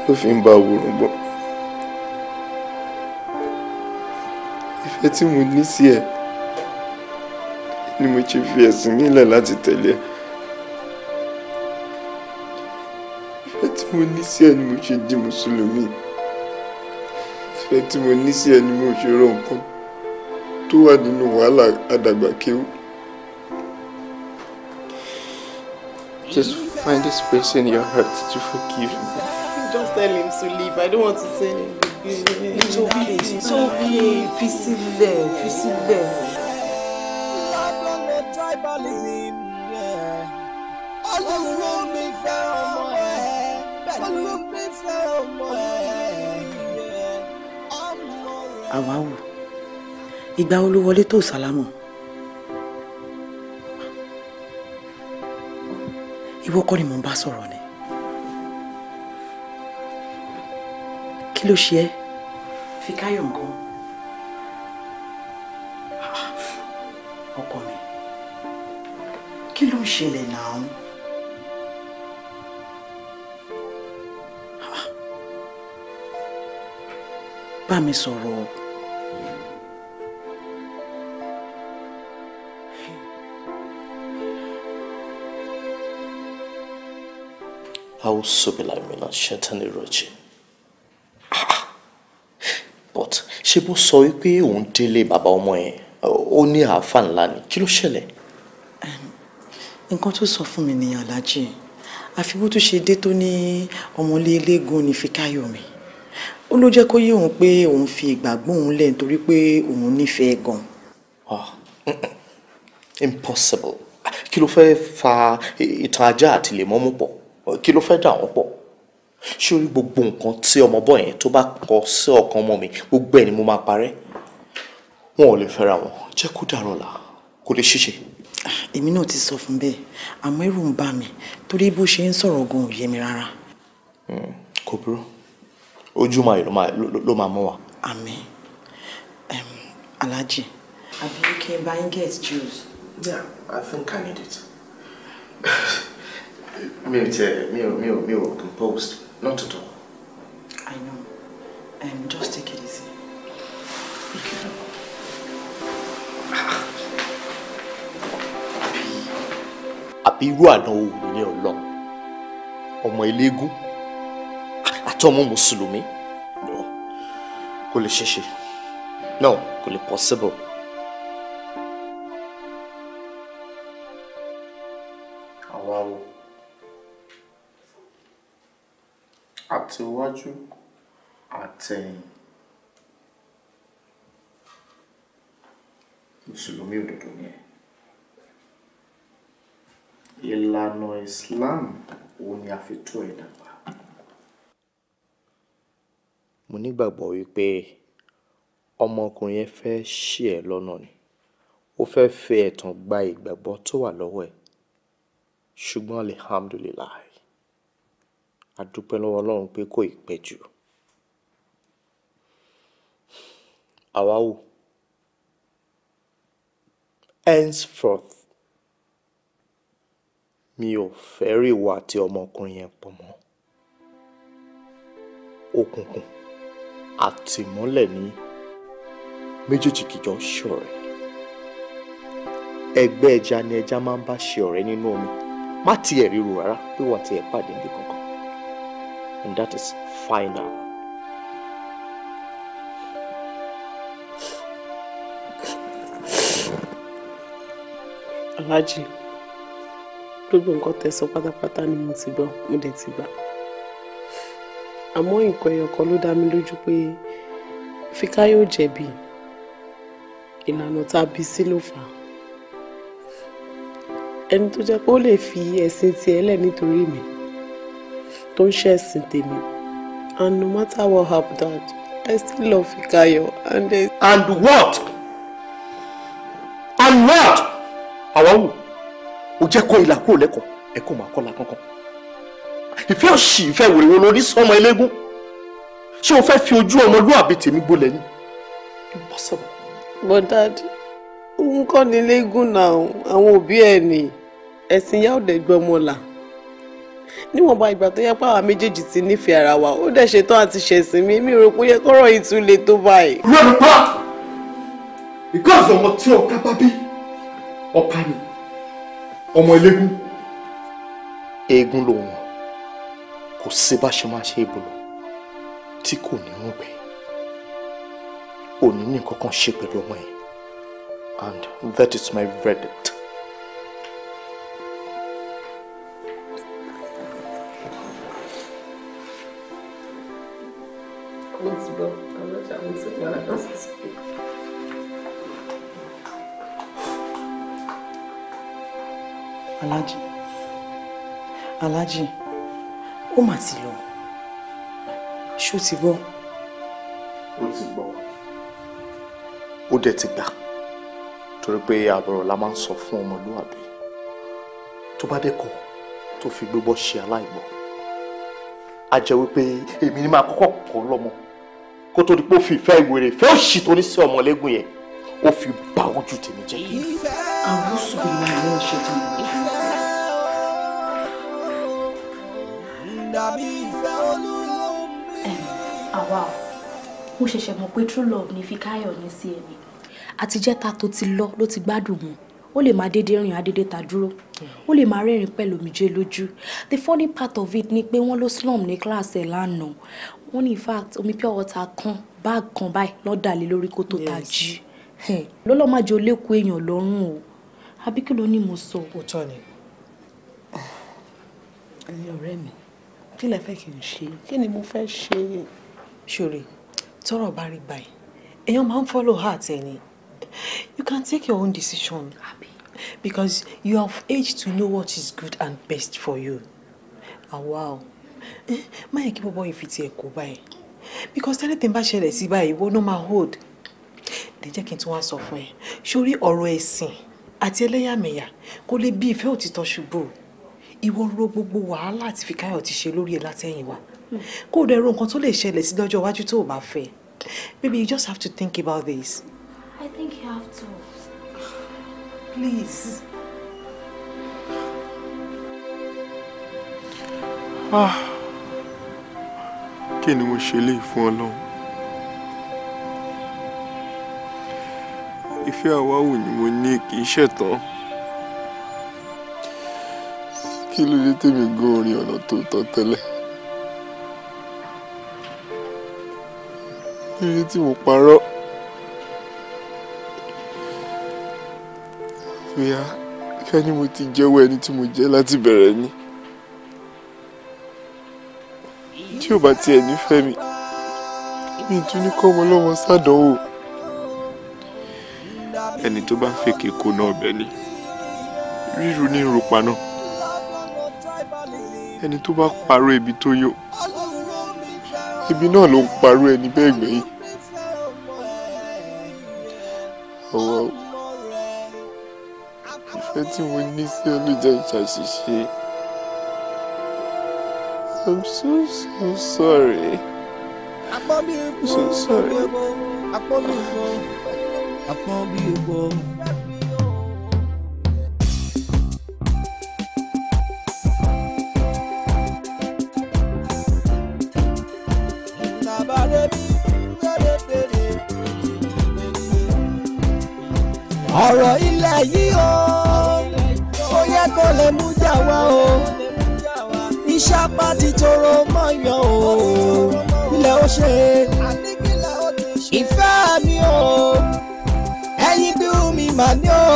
ló fi ń ba òwúrọ̀ bọ̀ ìfẹ́ tí mo ní sí ẹ̀ ni mo ti fi ẹ̀sìn nílẹ̀ láti tẹ̀lé ẹ̀. mo ní sí ẹ ni mo ṣe di mùsùlùmí ìfẹ́ tí mo ní sí ẹ ni mo ṣe rọ nǹkan tó wà nínú wàhálà àdàgbàkéwù. Just find a space in your heart to forgive me. Just tell him to leave. I don't want to say anything. It's okay. It's okay. Fi sílẹ̀. Fi sílẹ̀. Ọlọ́run mi fẹ́ ọmọ ẹ̀ àwáwù ìgbà wo ló wọlé tó sálámù ìwọ kọ́ ni mò ń bá sọ̀rọ̀ ni kí ló ṣe ẹ́ fi káyọ̀ nǹkan ọkọ mi kí ló ń ṣẹlẹ̀ náà. bá mi sọ̀rọ̀. Auzu billahi minash shaitani rajim. But ṣé bó sọ wípé òun délé bàbá ọmọ yẹn ó ní àáfà ńlá ni kí ló ṣẹlẹ̀? Nǹkan tó sọ fún mi nìyàn lájì àfi bó tún ṣe dé tó ní ọmọlé eléégún ní Fíkáyọ̀mí ó ló jẹ́ kó yé òun pé òun fi ìgbàgbọ́ òun lẹ̀ nítorí pé òun nífẹ̀ẹ́ gan. Ah, impossible kí ló fẹ́ẹ́ fa ìtàn ajá àti lèmọ́mú pọ̀ kí ló fẹ́ẹ́ dà wọ́n pọ̀ ṣé orí gbogbo nǹkan tí ọmọ bọ́ yẹn tó bá kọ sí ọkàn ọmọ mi gbogbo ẹ̀ ni mo máa parẹ́ wọn ò lè fẹ́ra wọn jẹ́ kó dàrọ̀ là kó lè ṣíṣe. Ah, èmi náà ti sọ fún bẹ́ẹ̀ àmọ́ ẹ̀rù ń bà mí torí bó ṣe ń sọ̀rọ̀ gan ò yé mi rárá. Hmm, kò burú ojú máa ló máa ló máa mọ́ wa. àmín alhaji abi you can buy and get juice. yeah i think i need it. mi ò tẹ mi ò mi ò mi ò composed not at all. i know um, just take it easy. Okay. àbí irú àdánwò wò ní ọlọ́run ọmọ eléégún àtọmọ mùsùlùmí no kò lè ṣeéṣe no kò lè possible. àwa wo àtiwájú àtẹ̀yìn mùsùlùmí òdodo ni ẹ ìlànà Islam òun ni a fi tó ẹ dàgbà. Mo nígbàgbọ́ wí pé ọmọkùnrin yẹn fẹ́ ṣì ẹ́ lọ́nà ni. Ó fẹ́ fi ẹ̀tàn gba ìgbàgbọ́ tó wà lọ́wọ́ ẹ. Ṣùgbọ́n alihamudulilaa, a dúpẹ́ lọ́wọ́ Ọlọ́run pé kò ì pẹ́ jù. Àwáwù, henceforth mi ò fẹ́ rí ìwọ àti ọmọkùnrin yẹn pọ̀ mọ́. Òkùnkùn àtìmọ́lẹ̀ ní méjèèjì kìjọ ṣọ̀rẹ́ ẹgbẹ́ ẹja ni ẹja máa ń bá ṣe ọ̀rẹ́ nínú omi má tiẹ̀ ríru rárá pé wà tiẹ̀ pàdé níbi kankan and that is final. aláàjì gbogbo nǹkan tẹ́ sọ pátápátá ni mo ti gbọ́ mo dẹ̀ ti gbà àmọ́ nǹkan ẹyọ kan ló dá mi lójú pé Fikayo jẹ̀bi ìlànà tá a bí sí ló fà á ẹni tó jẹ́ pé ó lè fi ẹ̀sìn tiẹ̀ lẹ̀ nítorí mi tó ń ṣẹ̀sìn tèmi and no matter what happen that I still love Fikayo and. I... and what and what àwọn wò ó jẹ́ kó ìlà kúrò lẹ́kọ̀ọ́ ẹ̀kọ́ máa kọ́ la kankan ìfẹ́ òṣì ìfẹ́ wèrèwò lórí sọmọ eléégún ṣé o fẹ́ fi ojú ọmọlúwàbí tèmi gbolẹ̀ ni. impossible. but dad òun kọ́ ni eléégún náà àwọn òbí ẹ̀ ni ẹ̀sìn yá ọ̀dẹ̀ gbọ́mọlà níwọ̀nba ìgbà tó yẹ pé àwa méjèèjì ti nífẹ̀ẹ́ ara wa ó dẹ̀ ṣetán àti ṣẹ̀sìn mi mi rò pé ó yẹ kọ́rọ̀ yìí tún le tó báyìí. lọ́nà pa ìkọ́sọ̀ ọmọ tí ọ̀ka bá bí ọ̀pá ni ọmọ eléégún eégún lòun kò sí bá ṣe máa ṣe ìbùnà tí kò ní rúbẹ òní ní kankan ṣe pẹ̀lú ọmọ yẹn and that is my verdict. Alaji. Alaji ó mà ti lọ ṣó ti gbọ́. ó ti gbọ́ ó dẹ̀ ti gbà torí pé àbọ̀rọ̀ la máa ń sọ fún ọmọlúwàbí tó bá dẹ́kọ̀ tó fi gbébọ́ ṣe aláìgbọ́ a jẹ́ wípé èmi ni máa kọ́kọ́ kọ́ lọ́mọ kó tó di pé ó fi ìfẹ́ ìwèrè fẹ́ òṣì tó ní sí ọmọlẹ́gùn yẹn ó fi bá ojú tèmi jẹ́. àwùjọ ìlànà ìṣètò ìlú. dàbí ìfẹ́ olúwo mi. àwa eh, ah, o mo ṣẹ̀ṣẹ̀ mọ̀ pé true love ni Fíkáyọ̀ ní sí ẹ̀mí àtijẹ́ta tó ti lọ ló ti gbádùn mu ó lè máa dédé rìn adédé ta dúró ó lè máa rẹ́rìn pẹ̀lú lójú the funny part of it ni pé wọ́n ló slum ní class ẹ̀ lánàá wọ́n ní in fact omi pure water kan bag kan báyìí lọ́dà lé lórí kó tó ta jí lọ́lọ́ má jẹ́ olékun èèyàn lọ́rùn o àbí kí ló ní mo sọ. ó tọ́ ni ẹ̀yin ọ̀rẹ́ mi kí lẹ fẹ́ kí n ṣe kí ni mo fẹ́ ṣe. ṣòro tọ́rọ̀ bá rí báyìí èèyàn máa ń follow heart ẹni you can take your own decision because you have age to know what is good and best for you àwa ah, o eh, má yẹ kí bọ́bọ́ yìí fi tiẹ̀ kó báyìí because tẹ́lẹ̀tẹ̀ bá ṣẹlẹ̀ sí báyìí ìwọ náà máa hold lè jẹ́ kí n tún wá sọ fún ẹ sórí ọ̀rọ̀ ẹ̀sìn àti ẹlẹ́yàmẹ̀yà kò lè bí ìfẹ́ òtítọ́ ṣubú o ìwọ ro gbogbo wàhálà tí Fíkáyọ̀ ti ṣe lórí ẹ̀ látẹ̀yìn wa kó o dẹ̀ ro nǹkan tó lè ṣẹlẹ̀ sí lọ́jọ́ iwájú tó o bá fẹ́ baby you just have to think about this. I think you have to. Please. Ah. Kí ni mo ṣe lè fún Ọlọ́run? Ìfẹ́ àwáwù ni mo ní kì í ṣẹ̀tàn kí ló dé tèmi gún orin ọ̀nà tó tọ́ tẹ́lẹ̀ kí ló dé tí mo parọ́ bóyá ká ní mo ti jẹ́wọ́ ẹni tí mo jẹ́ láti bẹ̀rẹ̀ ni tí ò bá tiẹ̀ nífẹ̀ẹ́ mi mi tún ní kọ́ ọmọ ọlọ́mọ sádánwò ẹni tó bá fèké kó náà bẹ́ẹ̀ ni ríru ní ìrùpa náà ẹni tó bá parọ́ ibi tó yọ ibi náà ló ń parọ́ ẹni bẹ́ẹ̀ gbẹ̀yìn. ọwọ́ ìfẹ́ tí mo ní sí olùjẹ́ ìṣàṣìṣe I'm so so sorry. I'm so sorry. ọ̀rọ̀ ilẹ̀ yìí o ó yẹ kó lè mú jà wá o ìṣàpá ti tóró mọ́yàn o ilẹ̀ ó ṣe ìfẹ́ mi o ẹyin bí mi mà ní o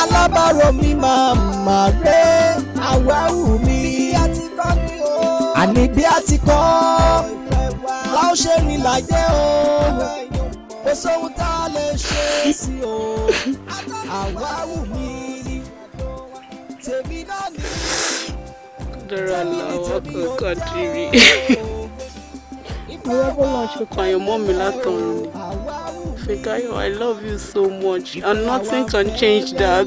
alábàárò mi máa mà ré àwáwù mi àní bí a ti kọ́ láó ṣe rìn láyé o kò sóhun. federal làwọn kankan dìrì mo wá bọ́lá mi látọ̀run ni Fikayo I love you so much and nothing can change that.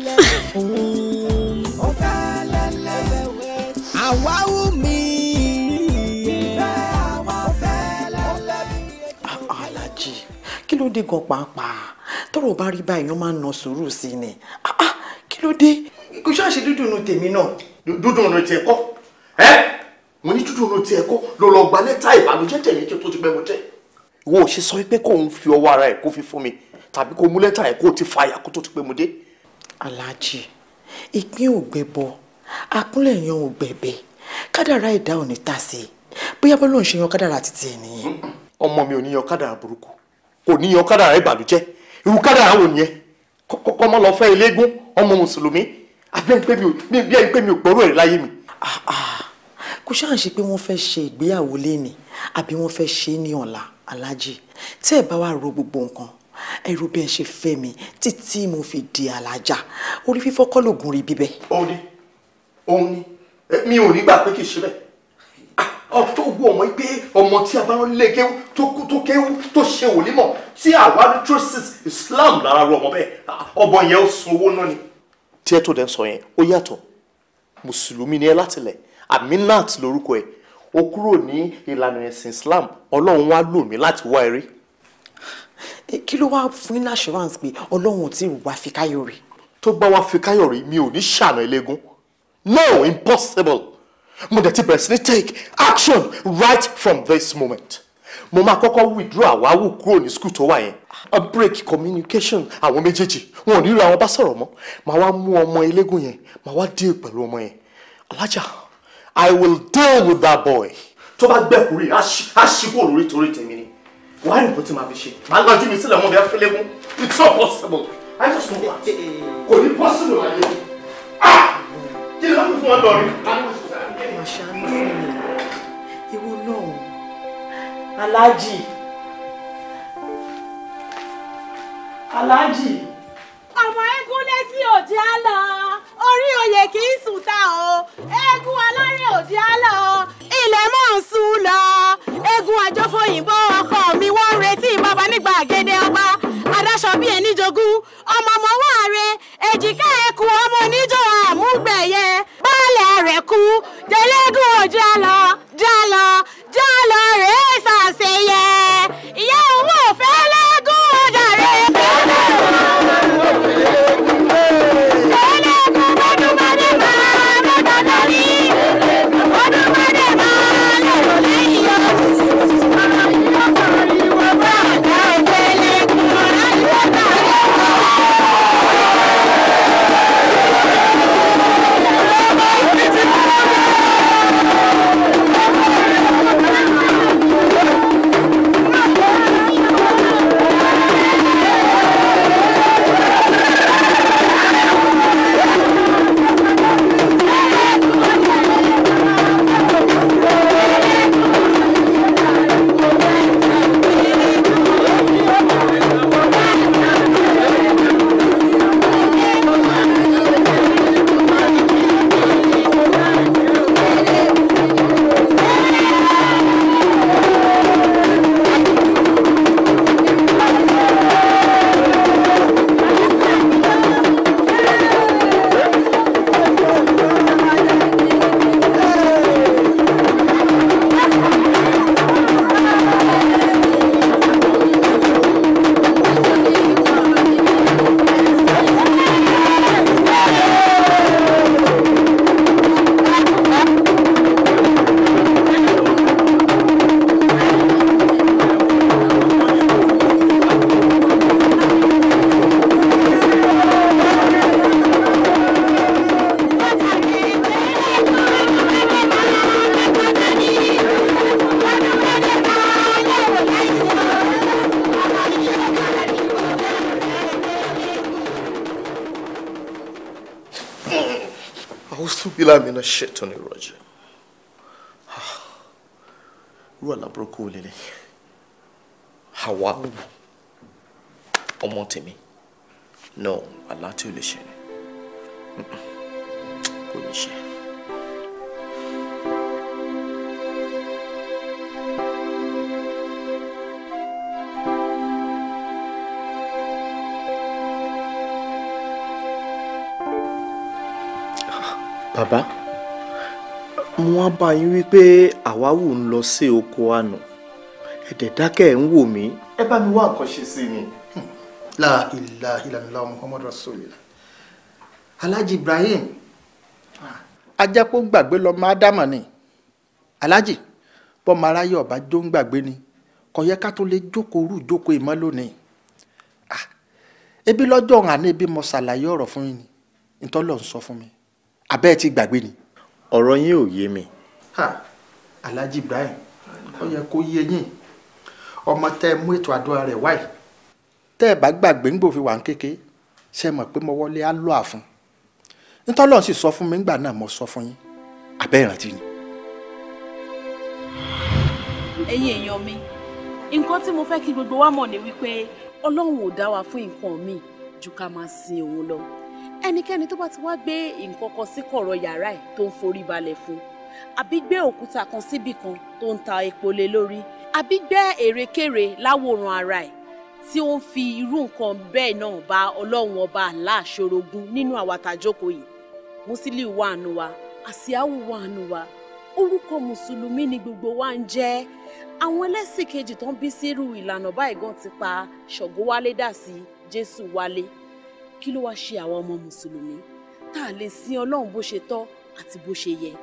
àwáwù mi. alájí kí ló dé gan pàápàá tọrọ bá rí báyìí wọn máa ń na sùúrù sí i ni ah, ah, kí ló dé. kò ṣáà ṣe dúdùn nu tèmi náà. dúdùn nu tiẹ̀ kọ́ ẹ mo ní tútù ló tiẹ̀ kó ló lọ gba lẹ́tà ìbànújẹ́ tẹ́lẹ̀ tó ti pẹ́ mo jẹ́. ìwọ ò ṣe sọ pé kò ń fi ọwọ́ ara ẹ̀ kó fi fún mi tàbí kó mú lẹ́tà ẹ̀ kó ti fa àyà kó tó ti pẹ́ mo dé. aláàjì ìpín ò gbẹbọ akúnlẹ̀ yan ò gbẹ̀bẹ kádàrá ẹ̀dá ò ní tà sí i bóyá bọ́lá òun ṣe yan kádàrá títí ẹ̀ nìyẹn. ọmọ mi ò ní yan kádàrá burúkú kò ní yan kádàrá ìbànújẹ́ irú kádàrá wo nìyẹn kọ́kọ́ mọ́ lọ fẹ́ ilégún ọmọ mùsùlùmí àbí ẹni pé mi ò gbọ́rọ̀ ẹ̀ láyé mi. ah ah kò ṣáà ṣe pé wọ́n fẹ́ ṣe ìgbéyàwó léni àbí wọ́n fẹ́ ṣe é ní ọ̀la aláàjì tẹ́ ẹ̀ bá wà ro gbogbo nǹkan ẹ̀rù bẹ́ẹ̀ ṣe fẹ́ mi títí mo fi di alájà orí fífọ́ kọ́ lóògùn rí bíbẹ́. òun ni òun ni mi ò ní gbà pé kì í ṣe bẹ́ẹ̀ ah, tó wo ọmọ pé ọmọ tí a bá ń lé kéwú tó kú tó kéwú tó ṣe wòlímọ̀ tí àwárí trosis Islam lára ru ọmọ bẹ́ẹ̀ ah, ọmọ yẹn ó sun owó náà ni. tí ẹ tó dẹ́ sọ yẹn ó yàtọ̀ mùsùlùmí ni ẹ láti Aminat lórúkọ ẹ̀ ó kúrò ní ìlànà ẹ̀sìn Islam ọlọ́run wá lò mí láti wá eré. Eh, kí ló wáá fún ní assurance pé ọlọ́run tí ì fi káyọ̀ rí. tó bá wá fi káyọ̀ rí mi ò ní ṣàna eléégún no impossible mo dẹ̀ ti bẹ̀rẹ̀ sí ní take action right from this moment mo máa kọ́kọ́ withdraw àwáwù kúrò ní skul tó wà yẹn a break communication àwọn méjèèjì wọn ò ní rí àwọn bá sọ̀rọ̀ mọ́ màá wá mú ọmọ eléégún yẹn màá wá deal pẹ̀lú ọmọ yẹn alájà I will deal with that boy. Tó bá gbẹ̀kúrè, á ṣíkú òrùlé torí tèmi ni. Wàá nìkan tí màá fi ṣe. Màá lajú mi sílẹ̀ wọn bí afẹ́lẹ́gún. It's not possible. I just know that. Kò ní possible ayé. Ah! Kí ló ń fún ọ lọ rí? Màṣánú fún mi. Ìwọ náà. Aláàjì. Aláàjì ọmọ eégún létí òjì á lọ orí oyè kì í sùn ta o eégún alárè òjì á ilẹ̀ mọ̀ ń sùn lọ eégún àjọfòyìnbó ọkọ mi wọ́n ń retí bàbá nígbà gèdè ọba adáṣọ bíi ẹni jogún ọmọ ọmọ wà re èjìká ẹkù ọmọ oníjọ àmúgbẹ̀yẹ báàlẹ̀ rẹ̀ kú jẹlẹ́gùn òjì á lọ jálọ jálọ rèé sàṣeyẹ. ṣètọ́ni rọ̀jẹ̀ ah. irú àlàbúròkú ò lélẹ̀ àwa ọmọ tèmi náà àlá tí ò lè ṣe ni kò wá bá yín wípé àwáwù ń lọ sí oko àná ẹ̀dẹ̀ dákẹ́ ẹ̀ ń wò mí ẹ bá mi wá nǹkan ṣe sí ni. Hmm. la ilaha illallah muhammad rasulillah alhaji ibrahim ajápó ah, gbàgbé lọ máa dámọ ni alhaji bọ́mọ aráyé ọba jó ń gbàgbé ni kò yẹ ká tó lè jókòó rú jókòó ìmọ̀ lónìí ah, ebi lọ́jọ́ ọ̀hún àná ebi mo ṣàlàyé ọ̀rọ̀ fún yín ni ntọ́lọ́ ń sọ fún mi abẹ́ ti gbàgbé ni. ọ̀rọ̀ yín ò yé mi alhaji ibrahim ó yẹ kó yé yín ọmọ tẹ mú ètò àdúrà rẹ̀ wáyé tẹ́ ẹ bá gbàgbé ń gbòfin wà ń kéke ṣe mọ̀ pé mo wọlé á lọ àfún nítọ́lọ́ sì sọ fún mi ńgbà náà mo sọ fún yín abẹ́ ìrántí ni. ẹ̀yin èèyàn mi nǹkan tí mo fẹ́ kí gbogbo wa mọ̀ ni wípé ọlọ́run ò dá wa fún nǹkan mi ju ká máa sin òun lọ ẹnikẹ́ni tó bá ti wá gbé nǹkan kan sí kọ̀rọ̀ yàrá ẹ̀ tó ń forí balẹ̀ fún un àbí gbé òkúta kan síbì kan tó ń ta epo lé lórí àbí gbé èrèkèrè láwòrán ara ẹ̀ tí ó ń fi irú nǹkan bẹ́ẹ̀ náà bá ọlọ́run ọba aláṣorogún nínú àwàtàjókòó yìí Musiliu wà nù wa Àsíáwù wà nù wa orúkọ mùsùlùmí ni gbogbo wa ń jẹ́ àwọn ẹlẹ́sìn kejì tó ń bí sírú ìlànà báyìí gan ti pa Ṣàngó wálé dà sí Jésù wálé kí ló wáá ṣe àwọn ọmọ mùsùlùmí tá a lè sin ọlọ́run bó ṣe tọ́ àti bó ṣe yẹ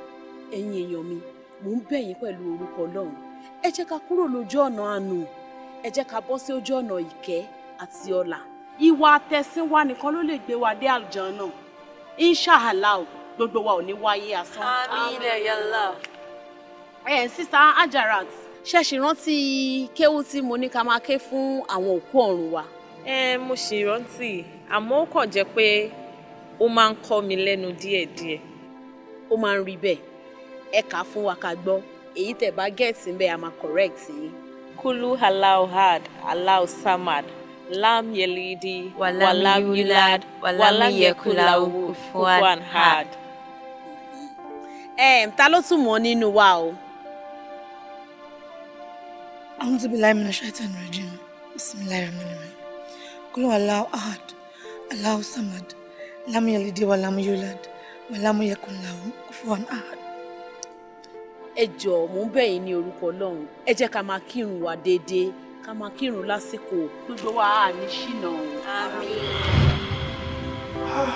ẹ̀yin èèyàn mi mò ń bẹ̀ yín pẹ̀lú orúkọ ọlọ́run ẹ jẹ́ ká kúrò lójú ọ̀nà àánú ẹ jẹ́ ká bọ́ sí ojú ọ̀nà ìkẹ́ àti ọlà ìwà àtẹ̀sínwá nìkan ló lè gbé wa dé àlùjánnà inṣàhàlà o gbogbo wa ò ní wáyé asán. àmín yàlá. ẹ sísá ajarat ṣẹ̀ṣì rántí kéwú tí mo ní ká máa ké fún àwọn òkú ọ̀run wa. ẹ mo ṣì rántí àmọ́ ó kàn jẹ́ pé ó máa ń kọ́ mi lẹ́nu díẹ̀díẹ̀. ó máa ń rí bẹ́ẹ̀ ẹ kà á fún wa ká gbọ́ èyí tẹ̀ bá gẹ̀ẹ́tì ń bẹ́ correct yín. kulu alau had alau samad lam yelidi walam yulad walam yekulawu kufuwan had. Um, ta ló tún mọ̀ nínú wa o. أعوذ بالله من الشيطان الرجيم بسم الله الرحمن الرحيم قل هو الله أحد الله الصمد لم يلد ولم يولد ولم يكن له كفوا أحد ẹ jọ̀ọ́ mò ń bẹ̀ yín ní orúkọ Ọlọ́run ẹ jẹ́ ká máa kírun wa déédéé ká máa kírun lásìkò gbogbo wa á ní ṣìnà òun. àmín. Ah.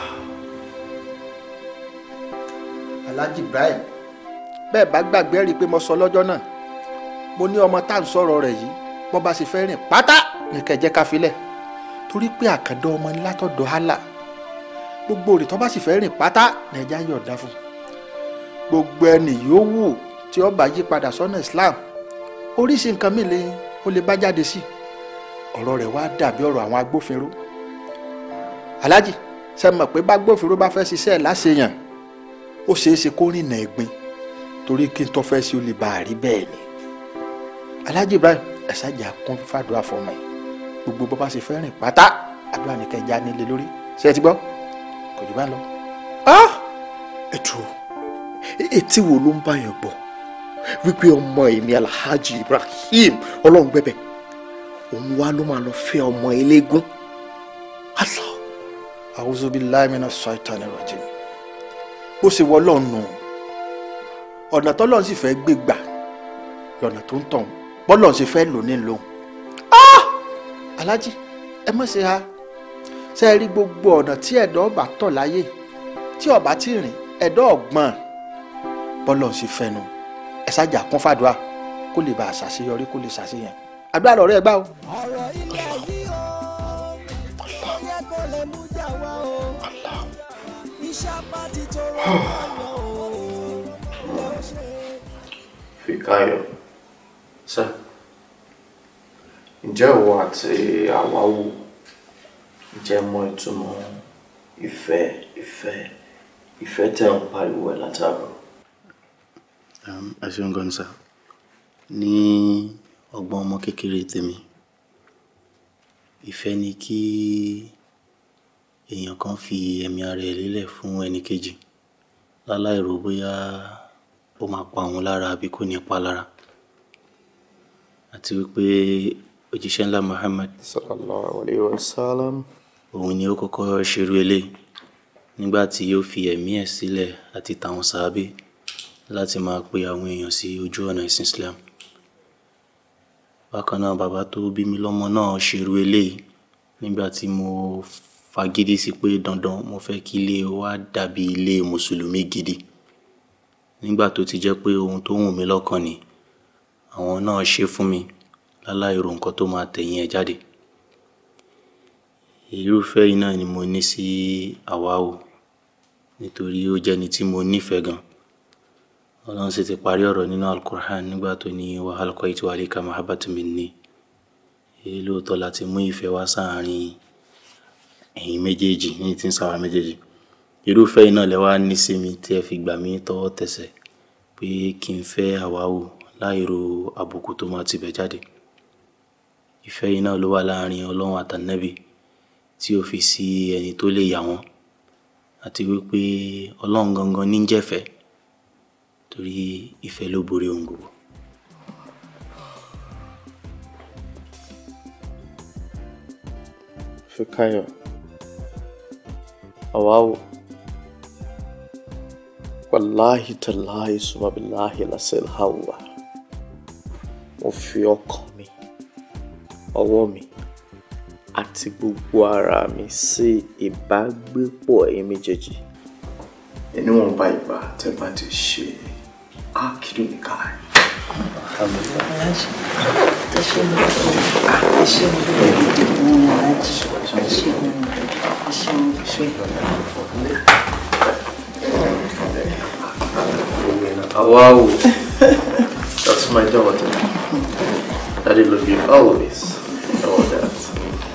Alhaji Ibrahim bẹ́ẹ̀ bá gbàgbé rí i pé mo sọ lọ́jọ́ náà mo ní ọmọ tá à ń sọ̀rọ̀ rẹ̀ yìí bó bá ṣe fẹ́ rìn pátá ní kẹjẹ́ ká torí pé àkàndá ọmọ ńlá hálà gbogbo rẹ̀ bá sì fẹ́ rìn pátá ní ẹja yọ̀ọ̀dá fún gbogbo ẹnì yòówù tí ó bá yí padà sọ́nà Islam oríṣi nǹkan mi lè ó lè bá jáde sí ọ̀rọ̀ rẹ̀ wá dàbí ọ̀rọ̀ àwọn agbófinró aláàjì ṣe mọ̀ pé bágbófinró bá fẹ́ ṣiṣẹ́ láṣeyàn ó ṣeé ṣe kó rìnà ẹ̀gbin torí kí n tó fẹ́ sí ó lè bá a rí bẹ́ẹ̀ ni aláàjì Ibrahim ẹ̀sàjà kún fàdúrà fọmọ ẹ̀ gbogbo bó bá ṣe fẹ́ rìn pátá àdúrà ní kẹjá nílé lórí ṣé ẹ ti gbọ́ kò jù bá lọ. ẹ dúró etí wo ló ń bá yẹn gbọ́ wípé ọmọ èmi alhaji ibrahim ọlọ́run gbẹ̀bẹ̀ òun wá ló máa lọ fẹ́ ọmọ eléégún aláwọ̀. a'udhu billahi minash shaitani rajim bó ṣe wọ́ lọ́nà ọ̀nà tọ́lọ́run sì fẹ́ gbé gbà lọ́nà tó ń tàn bọ́lọ́run ṣe fẹ́ lò ní ah! alhaji ẹ mọ̀ ṣe ha ṣe é rí gbogbo ọ̀nà tí ẹ̀dọ́ ọba tọ̀ láyé tí ọba ti rìn ẹ̀dọ́ ọ̀gbọ́n bọ́lọ́run ṣe fẹ́ nu. No ẹ ṣáàjà kún fàdúrà kó lè bá a ṣàṣeyọrí kó lè ṣàṣeyàn àdúrà lọ̀rọ̀ ẹ gbà o. Fikayo sẹ ǹjẹ́ ìwọ àti àwáwò jẹ́ mọ̀ ìtumọ̀ ìfẹ́ ìfẹ́ ìfẹ́ tẹ̀ ń pariwo ẹ̀ látàrọ̀. Um, ẹ ṣeun ni sir. Ní ọgbọ́n ọmọ kékeré tèmi, ìfẹ́ ni kí èèyàn kan fi ẹ̀mí ara ẹ̀ lélẹ̀ fún ẹni kejì. Láláì ro bóyá ó máa pa òun lára àbí kò ní pa lára. Àti wípé òjíṣẹ́ ńlá Muhammad òun ni ó kọ́kọ́ ṣerú eléyìí nígbà tí ó fi ẹ̀mí ẹ̀ sílẹ̀ àti tàwọn sàábé láti máa pe àwọn èèyàn sí ojú ọ̀nà ẹ̀sìn Islam. Bákan náà, bàbá tó bí mi lọ́mọ náà ṣerú eléyìí nígbà tí mo fagídí sí pé dandan mo fẹ́ kí ilé wa dàbí ilé Mùsùlùmí gidi. Nígbà tó ti jẹ́ pé ohun tó wù mí lọ́kàn ni àwọn náà ṣe fún mi láláì ro nǹkan tó máa tẹ̀yìn ẹ̀ jáde. Irúfẹ́ iná ni mo ní sí Awao nítorí ó jẹ́ ẹni tí mo nífẹ̀ẹ́ gan ọlọ́run sì ti parí ọ̀rọ̀ nínú alukur'an nígbà tó ní wa alqaitu alayka mahabbatan minni èyí lóòótọ́ láti mú ìfẹ́ wá sáàárín ẹ̀yin méjèèjì ní ti ń sáwà méjèèjì irúfẹ́ iná lẹ́wà ní sí mi tí ẹ fi gbà mí tọwọ́ tẹsẹ̀ pé kí n fẹ́ àwáwò láìro àbùkù tó máa tibẹ̀ jáde ìfẹ́ iná ló wà láàárín ọlọ́run àtànẹ́bì tí ó fi sí ẹni tó lè yà wọ́n àti wípé ọlọ́run gangan ní jẹ́fẹ̀ẹ́ torí ìfẹ́ ló borí ohun gbogbo. Fikayo Awawu wàláhì tàláhì sùmàbíláhì lásìláhàwà mo fi ọkàn mi ọwọ́ mi àti gbogbo ara mi sí ìbágbépọ̀ ẹ̀yin méjèèjì. ẹni wọn bá ìgbà tẹ́ bá ti ṣe é káàkiri nìkan rẹ̀. Oh, wow, that's my daughter. Daddy love you always. All that.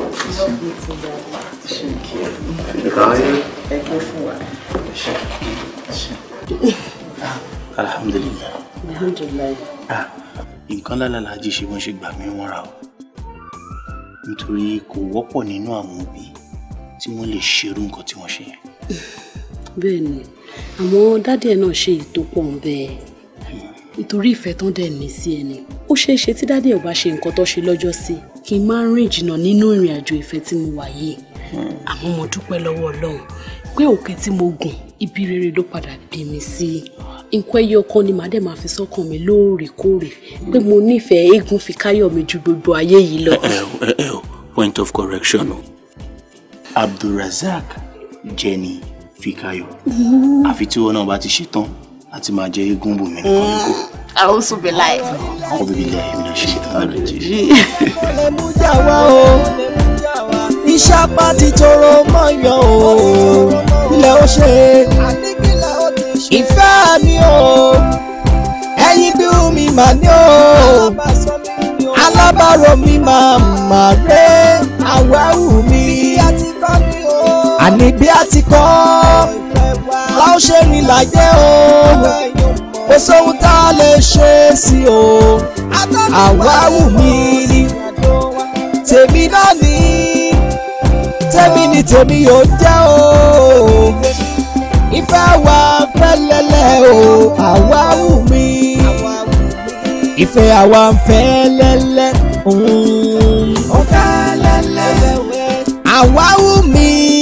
Thank you. Thank you. Thank you. Thank you alhamdulilayi. alhamdulilayi. ah nǹkan lálàlá jí ṣe bó ṣe gbà mí wọ́n ra o nítorí kò wọ́pọ̀ nínú àwọn òbí tí wọ́n lè ṣerú nǹkan tí wọ́n ṣe yẹn. bẹ́ẹ̀ ni àwọn dádì ẹ̀ náà ṣe ètò pọ̀ ń bẹ́ẹ̀ nítorí ìfẹ́ tán dẹ̀ ní sí ẹni ó ṣeé ṣe tí dádì ẹ̀ ò bá ṣe nǹkan tó ṣe lọ́jọ́ sí kí n má rìn jìnnà nínú ìrìn àjò ìfẹ́ tí mo wà yìí hmm. àmọ́ mo dúpẹ́ lọ́wọ́ ọlọ́run pé òkè tí mo gùn ibi rere ló padà bí mi sí nǹkan ẹyọ kan ni màá dẹ̀ máa fi sọ́kàn mi lóòrèkóòrè pé mo nífẹ̀ẹ́ eégún fi káyọ̀ mi ju gbogbo ayé yìí lọ. Eh, eh, eh, point of correction o Abdulrasaq Jenny Fikayo mm-hmm. àfi tí wọn náà bá ti ṣetán àti máa jẹ eégún bùnmi nìkan nìkan. Mm. àwọn oṣù bẹ̀ láì. àwọn bíbí ilé ṣe ìtàn lọ́jọ́. ọ̀lẹ́mú jà wá o bí sápá ti toro mọ́yọ̀ o lẹ́ ó ṣe ìfẹ́ mi o ẹ̀yin bí mi mà ní o alábàárò mi máa mà ré àwáwù mi àní bí a ti kọ́ láó ṣe ní láyé o kò sóhun tá a lè ṣe sí o àwáwù mi ni tèmi náà ni ni tèmi yóò jẹ́ o ìfẹ́ wa fẹ́lẹ́lẹ́ o àwa wù mí ìfẹ́ àwa fẹ́lẹ́lẹ́ òun mm. àwa wù mí.